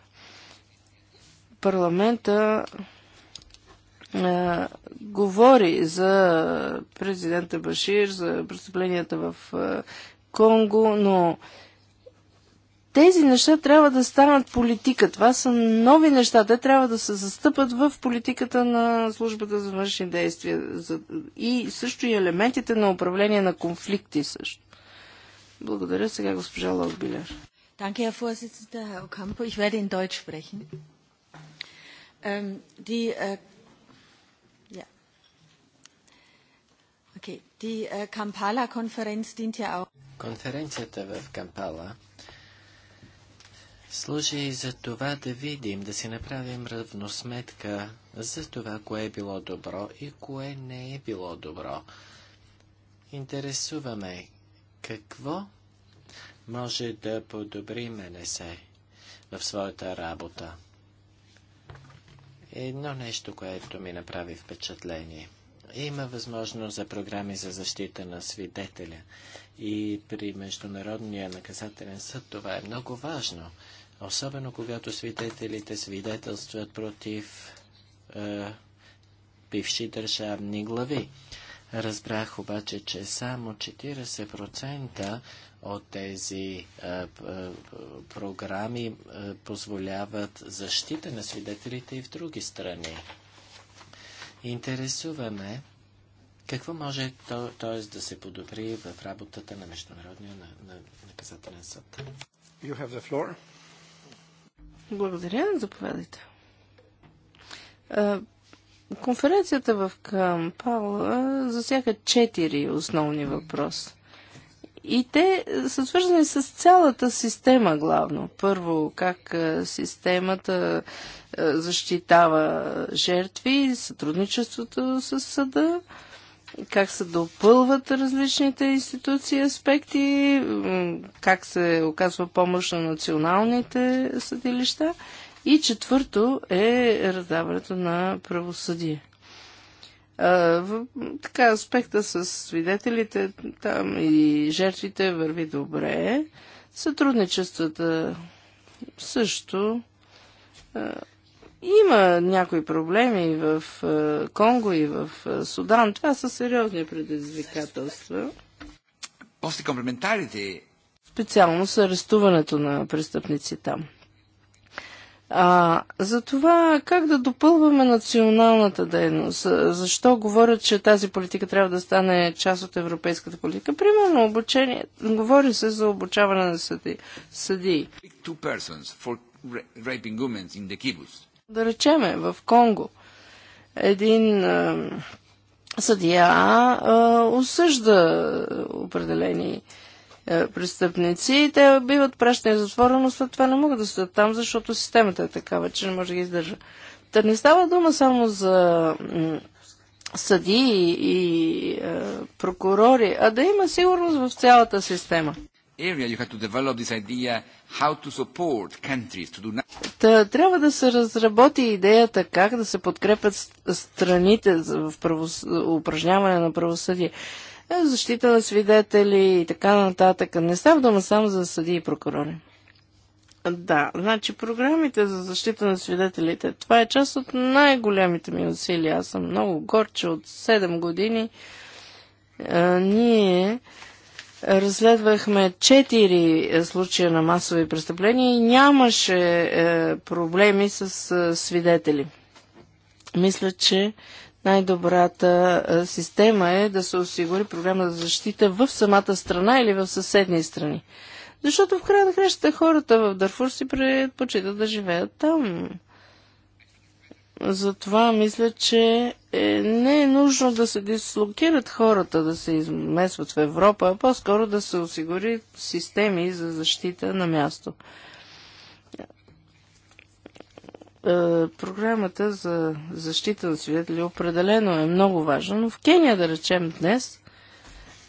Парламента е, говори за президента Башир, за престъпленията в е, Конго, но тези неща трябва да станат политика. Това са нови неща. Те трябва да се застъпат в политиката на службата за външни действия. И също и елементите на управление на конфликти също. Благодаря сега госпожа Лаубилер. Danke, Herr Vorsitzender, Herr Ocampo. Ich werde in Deutsch sprechen. Ähm, die äh, Die äh, Kampala-Konferenz dient ja auch. Конференцията в Кампала служи и за това да видим, да си направим равносметка за това, кое е било добро и кое не е било добро. Интересуваме какво може да подобри се в своята работа. Едно нещо, което ми направи впечатление. Има възможност за програми за защита на свидетеля и при Международния наказателен съд това е много важно, особено когато свидетелите свидетелстват против е, бивши държавни глави. Разбрах обаче, че само 40% от тези е, е, програми е, позволяват защита на свидетелите и в други страни интересуваме какво може то, т.е. да се подобри в работата на Международния на, на наказателен съд. You have the floor. Благодаря. Заповядайте. Конференцията в Кампала засяга четири основни въпроса. И те са свързани с цялата система главно. Първо, как системата защитава жертви, сътрудничеството с съда, как се допълват различните институции и аспекти, как се оказва помощ на националните съдилища. И четвърто е раздаването на правосъдие. В, така, аспекта с свидетелите там и жертвите върви добре. Сътрудничествата също. има някои проблеми и в Конго, и в Судан. Това са сериозни предизвикателства. После комплементарите. Специално с арестуването на престъпници там. А, за това как да допълваме националната дейност? Защо говорят, че тази политика трябва да стане част от европейската политика? Примерно обучение. Говори се за обучаване на съди... съдии. Да речеме, в Конго един а, съдия а, осъжда определени а, престъпници. Те биват пращани в затвора, но след това не могат да стоят там, защото системата е такава, че не може да ги издържа. Та не става дума само за съди и, е, прокурори, а да има сигурност в цялата система. трябва да се разработи идеята как да се подкрепят страните в упражняване на правосъдие. Е, защита на свидетели и така нататък. Не става дума само за съди и прокурори. Да, значи програмите за защита на свидетелите, това е част от най големите ми усилия. Аз съм много горче от 7 години. А, е, ние разследвахме 4 е, случая на масови престъпления и нямаше е, проблеми с е, свидетели. Мисля, че най-добрата система е да се осигури програма за защита в самата страна или в съседни страни. Защото в края на хрещата хората в Дарфур си предпочитат да живеят там. Затова мисля, че е, не е нужно да се дислокират хората, да се измесват в Европа, а по-скоро да се осигури системи за защита на място. Е, програмата за защита на свидетели определено е много важна, но в Кения, да речем днес,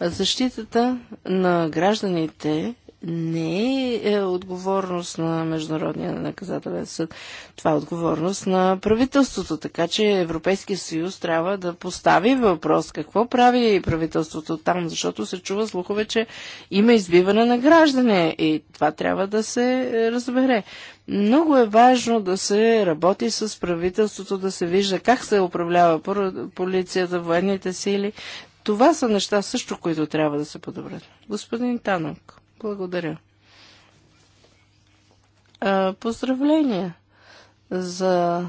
защитата на гражданите не е отговорност на Международния наказателен съд. Това е отговорност на правителството. Така че Европейския съюз трябва да постави въпрос какво прави правителството там, защото се чува слухове, че има избиване на граждане и това трябва да се разбере. Много е важно да се работи с правителството, да се вижда как се управлява полицията, военните сили. Това са неща също, които трябва да се подобрят. Господин Танок. Благодаря. Поздравления за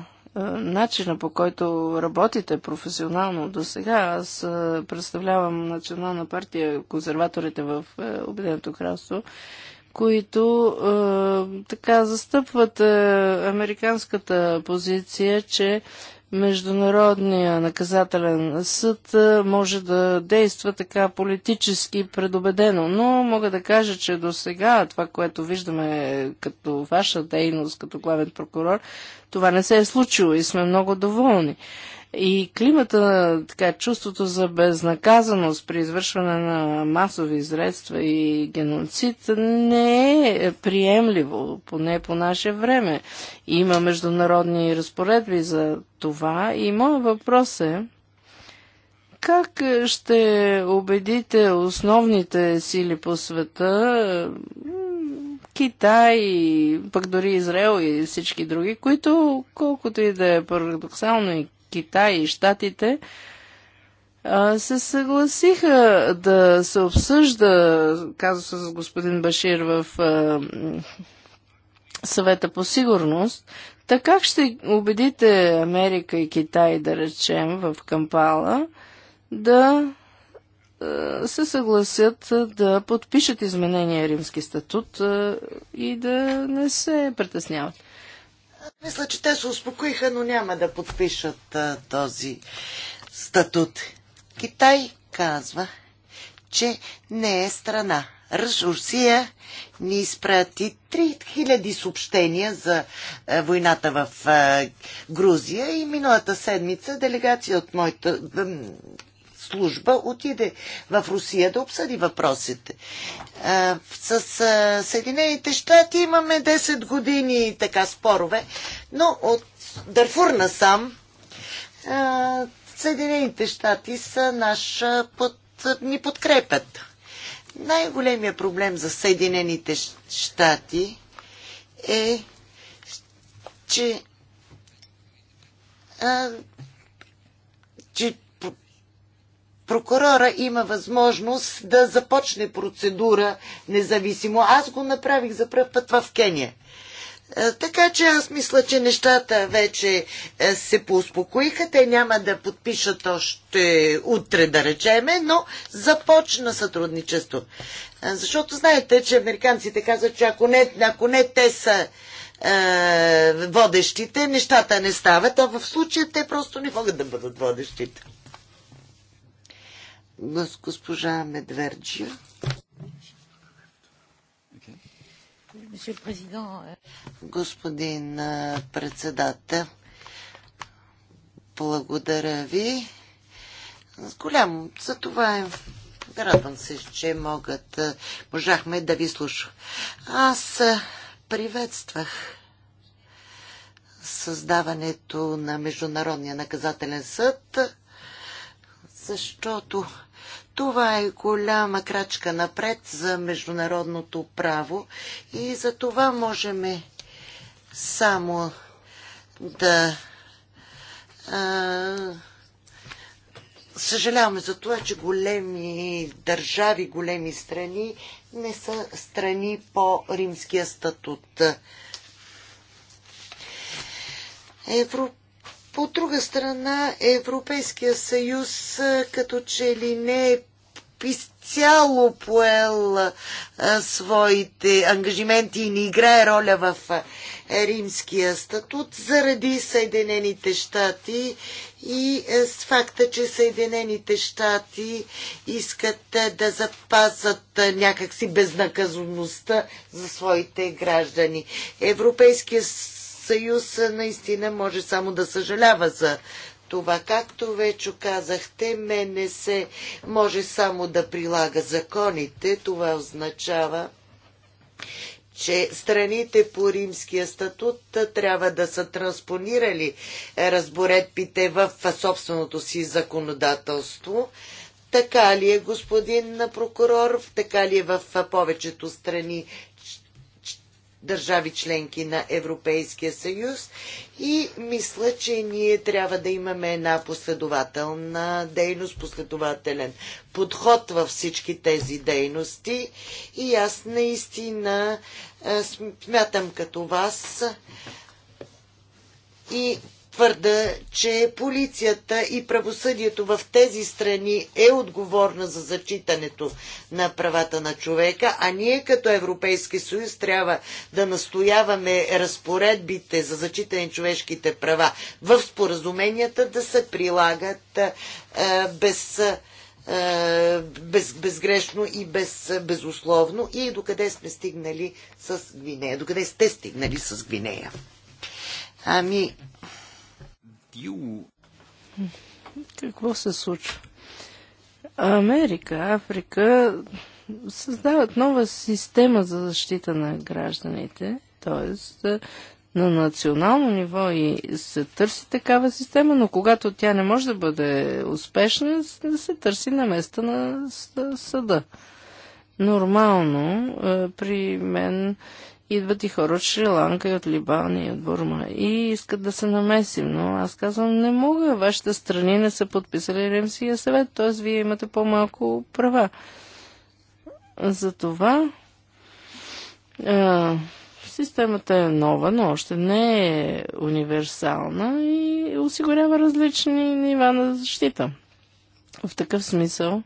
начина по който работите професионално до сега. Аз представлявам Национална партия консерваторите в Обединеното кралство, които така застъпват американската позиция, че Международния наказателен съд може да действа така политически предобедено, но мога да кажа, че до сега това, което виждаме като ваша дейност, като главен прокурор, това не се е случило и сме много доволни. И климата, така, чувството за безнаказаност при извършване на масови изредства и геноцид не е приемливо, поне по наше време. Има международни разпоредби за това и моят въпрос е, как ще убедите основните сили по света, Китай, пък дори Израел и всички други, които, колкото и да е парадоксално и Китай и Штатите се съгласиха да се обсъжда се с господин Башир в съвета по сигурност, така как ще убедите Америка и Китай, да речем, в Кампала, да се съгласят да подпишат изменения Римски статут и да не се притесняват? Мисля, че те се успокоиха, но няма да подпишат а, този статут. Китай казва, че не е страна. Русия ни изпрати 3000 съобщения за войната в Грузия и миналата седмица делегация от моята служба отиде в Русия да обсъди въпросите. С Съединените щати имаме 10 години така спорове, но от Дарфур насам Съединените щати са наш под, ни подкрепят. Най-големия проблем за Съединените щати е, че, а, че прокурора има възможност да започне процедура независимо. Аз го направих за първ път в Кения. Е, така че аз мисля, че нещата вече е, се поуспокоиха. Те няма да подпишат още утре, да речеме, но започна сътрудничество. Е, защото знаете, че американците казват, че ако не, ако не те са е, водещите, нещата не стават, а в случая те просто не могат да бъдат водещите госпожа Медверджия. Euh, Господин председател, благодаря ви. С голям, за това е. Радвам се, че могат, можахме да ви слушам. Аз приветствах създаването на Международния наказателен съд защото това е голяма крачка напред за международното право и за това можем само да а, съжаляваме за това, че големи държави, големи страни не са страни по римския статут. Европа от друга страна, Европейския съюз като че ли не е изцяло поел а, своите ангажименти и не играе роля в а, римския статут заради Съединените щати и а, с факта, че Съединените щати искат а, да запазат а, някакси безнаказаността за своите граждани. Европейския съюз наистина може само да съжалява за това, както вече казахте, мене се може само да прилага законите. Това означава, че страните по римския статут трябва да са транспонирали е, разборедбите в собственото си законодателство. Така ли е, господин прокурор? Така ли е в повечето страни държави членки на Европейския съюз и мисля, че ние трябва да имаме една последователна дейност, последователен подход във всички тези дейности и аз наистина смятам като вас и твърда, че полицията и правосъдието в тези страни е отговорна за зачитането на правата на човека, а ние като Европейски съюз трябва да настояваме разпоредбите за зачитане на човешките права в споразуменията да се прилагат е, без без, безгрешно и без, безусловно и докъде сме стигнали с Гвинея, докъде сте стигнали с Гвинея. Ами, you... Какво се случва? Америка, Африка създават нова система за защита на гражданите, т.е. на национално ниво и се търси такава система, но когато тя не може да бъде успешна, се търси на места на съда. Нормално е, при мен идват и хора от Шри-Ланка, и от Либан, и от Бурма. И искат да се намесим. Но аз казвам, не мога. Вашите страни не са подписали Римския съвет, т.е. вие имате по-малко права. Затова а, системата е нова, но още не е универсална и осигурява различни нива на защита. В такъв смисъл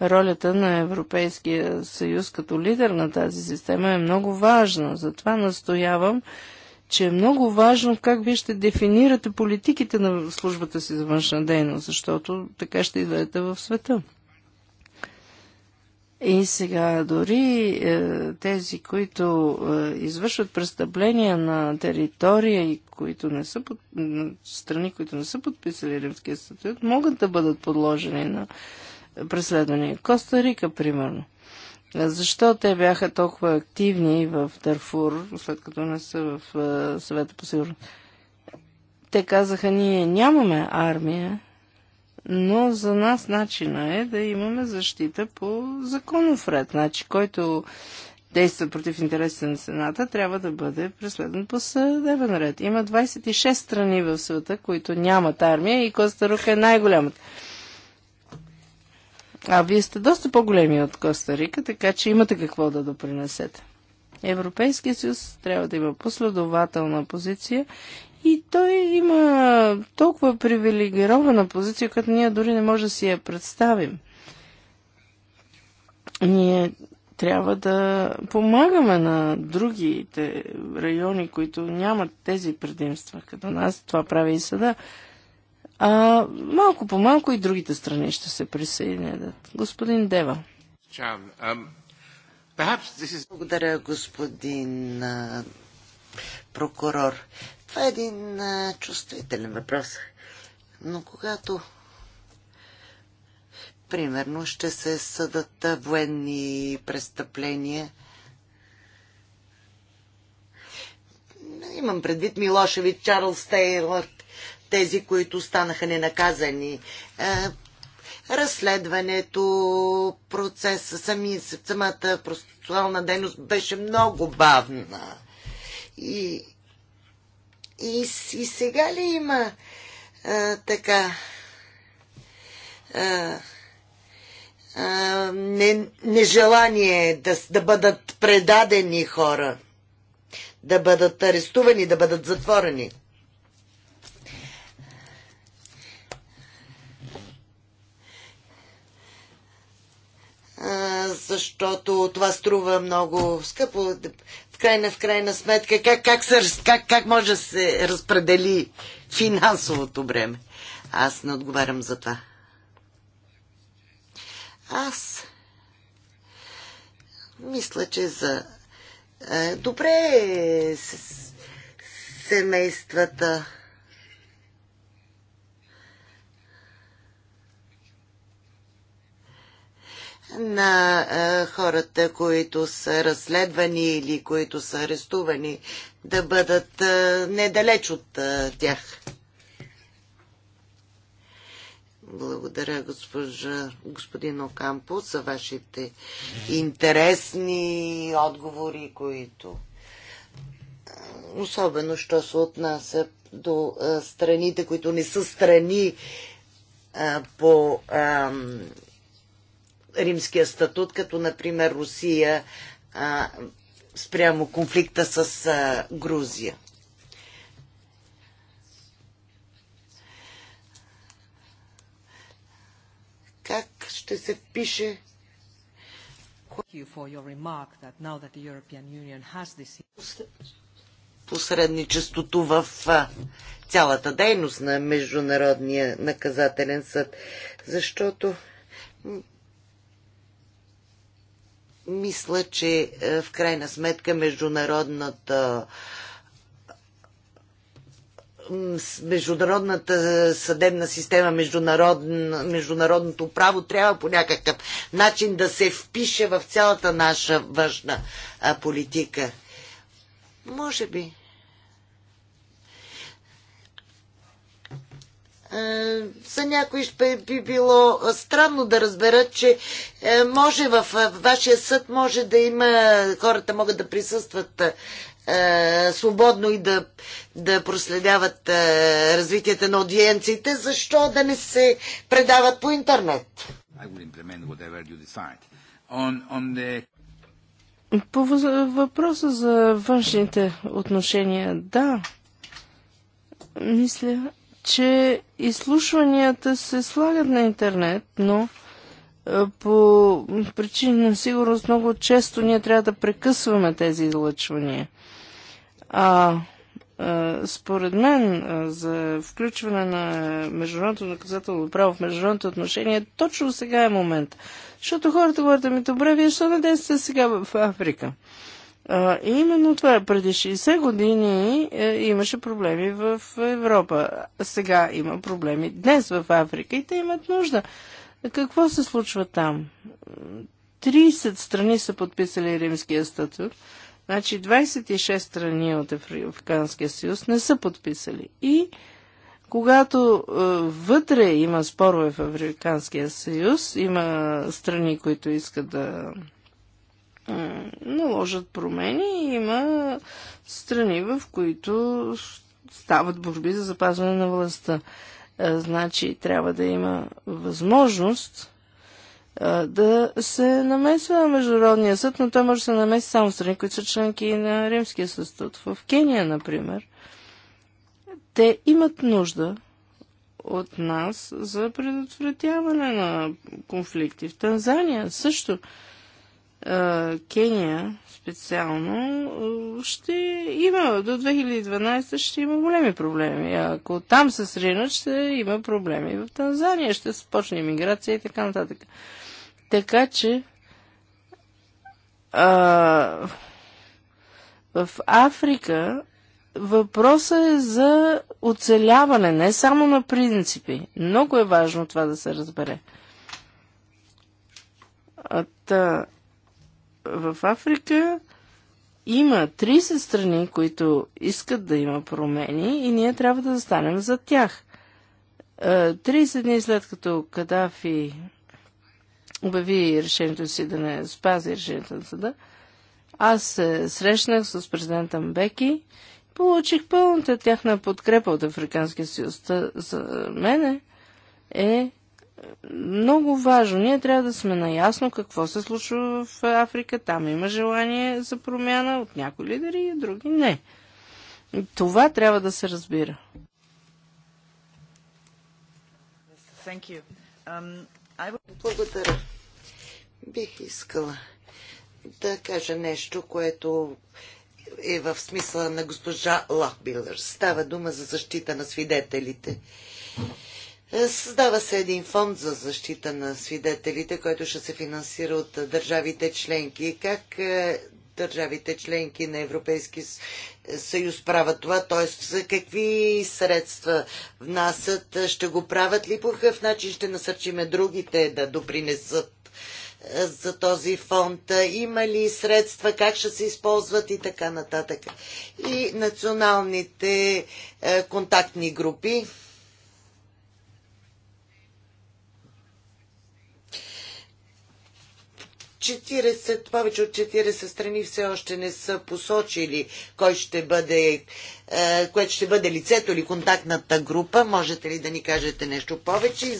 ролята на Европейския съюз като лидер на тази система е много важна. Затова настоявам, че е много важно как вие ще дефинирате политиките на службата си за външна дейност, защото така ще излезете в света. И сега дори е, тези, които е, извършват престъпления на територия и които не са под, страни, които не са подписали Римския статут, могат да бъдат подложени на преследвания. Коста Рика, примерно. Защо те бяха толкова активни в Дарфур, след като не са в съвета по сигурност? Те казаха, ние нямаме армия, но за нас начина е да имаме защита по законов ред. Значи, който действа против интересите на Сената, трябва да бъде преследван по съдебен ред. Има 26 страни в света, които нямат армия и Коста Рука е най-голямата. А вие сте доста по-големи от Коста Рика, така че имате какво да допринесете. Европейския съюз трябва да има последователна позиция и той има толкова привилегирована позиция, като ние дори не може да си я представим. Ние трябва да помагаме на другите райони, които нямат тези предимства като нас. Това прави и съда. А, малко по малко и другите страни ще се присъединят. Господин Дева. Благодаря, господин прокурор. Това е един чувствителен въпрос. Но когато примерно ще се съдат военни престъпления. Имам предвид Милошевич, Чарлз Тейлърт, тези, които станаха ненаказани. Е, разследването, процеса, сами, самата процесуална дейност беше много бавна. И, и, и сега ли има а, е, така а, е, а, не, нежелание да, да бъдат предадени хора, да бъдат арестувани, да бъдат затворени? защото това струва много скъпо. В крайна, в крайна сметка, как, как, се, как, как може да се разпредели финансовото бреме? Аз не отговарям за това. Аз мисля, че за добре е семействата на е, хората, които са разследвани или които са арестувани, да бъдат е, недалеч от е, тях. Благодаря, госпожа, господин Окампо, за вашите интересни отговори, които особено, що се отнася до а, страните, които не са страни а, по а, римския статут, като например Русия а, спрямо конфликта с а, Грузия. Как ще се впише посредничеството в цялата дейност на Международния наказателен съд. Защото мисля, че е, в крайна сметка международната международната съдебна система, международно, международното право трябва по някакъв начин да се впише в цялата наша външна политика. Може би. Е, за някой ще би било странно да разберат, че е, може в вашия съд може да има, хората могат да присъстват е, свободно и да, да проследяват развитието на аудиенциите, защо да не се предават по интернет? По въпроса за външните отношения, да, мисля, че изслушванията се слагат на интернет, но по причина на сигурност много често ние трябва да прекъсваме тези излъчвания. А според мен за включване на международното наказателно право в международните отношения точно сега е момент. Защото хората говорят ми, добре, вие защо не действате сега в Африка? А, именно това преди 60 години е, имаше проблеми в Европа. Сега има проблеми днес в Африка и те имат нужда. Какво се случва там? 30 страни са подписали Римския статут. Значи 26 страни от Африканския съюз не са подписали. И когато е, вътре има спорове в Африканския съюз, има страни, които искат да наложат промени. и Има страни, в които стават борби за запазване на властта. Значи трябва да има възможност да се намесва Международния съд, но той може да се намеси само страни, които са членки на Римския съд. В Кения, например, те имат нужда от нас за предотвратяване на конфликти. В Танзания също Кения специално, ще има, до 2012 ще има големи проблеми. Ако там се сринат, ще има проблеми. В Танзания ще започне иммиграция и така нататък. Така че а, в Африка въпросът е за оцеляване, не само на принципи. Много е важно това да се разбере. А, та, в Африка има 30 страни, които искат да има промени и ние трябва да застанем за тях. 30 е, дни след като Кадафи обяви решението си да не спази решението на съда, аз се срещнах с президента Мбеки, получих пълната тяхна подкрепа от Африканския съюз. За мене е много важно. Ние трябва да сме наясно какво се случва в Африка. Там има желание за промяна от някои лидери, и други не. Това трябва да се разбира. Um, Благодаря. Бих искала да кажа нещо, което е в смисъла на госпожа Лахбилър. Става дума за защита на свидетелите. Създава се един фонд за защита на свидетелите, който ще се финансира от държавите членки. Как е, държавите членки на Европейски съюз правят това, т.е. за какви средства внасят, ще го правят ли по какъв начин ще насърчиме другите да допринесат е, за този фонд, има ли средства, как ще се използват и така нататък. И националните е, контактни групи, 40, повече от 40 страни все още не са посочили кой ще бъде, е, което ще бъде лицето или контактната група. Можете ли да ни кажете нещо повече?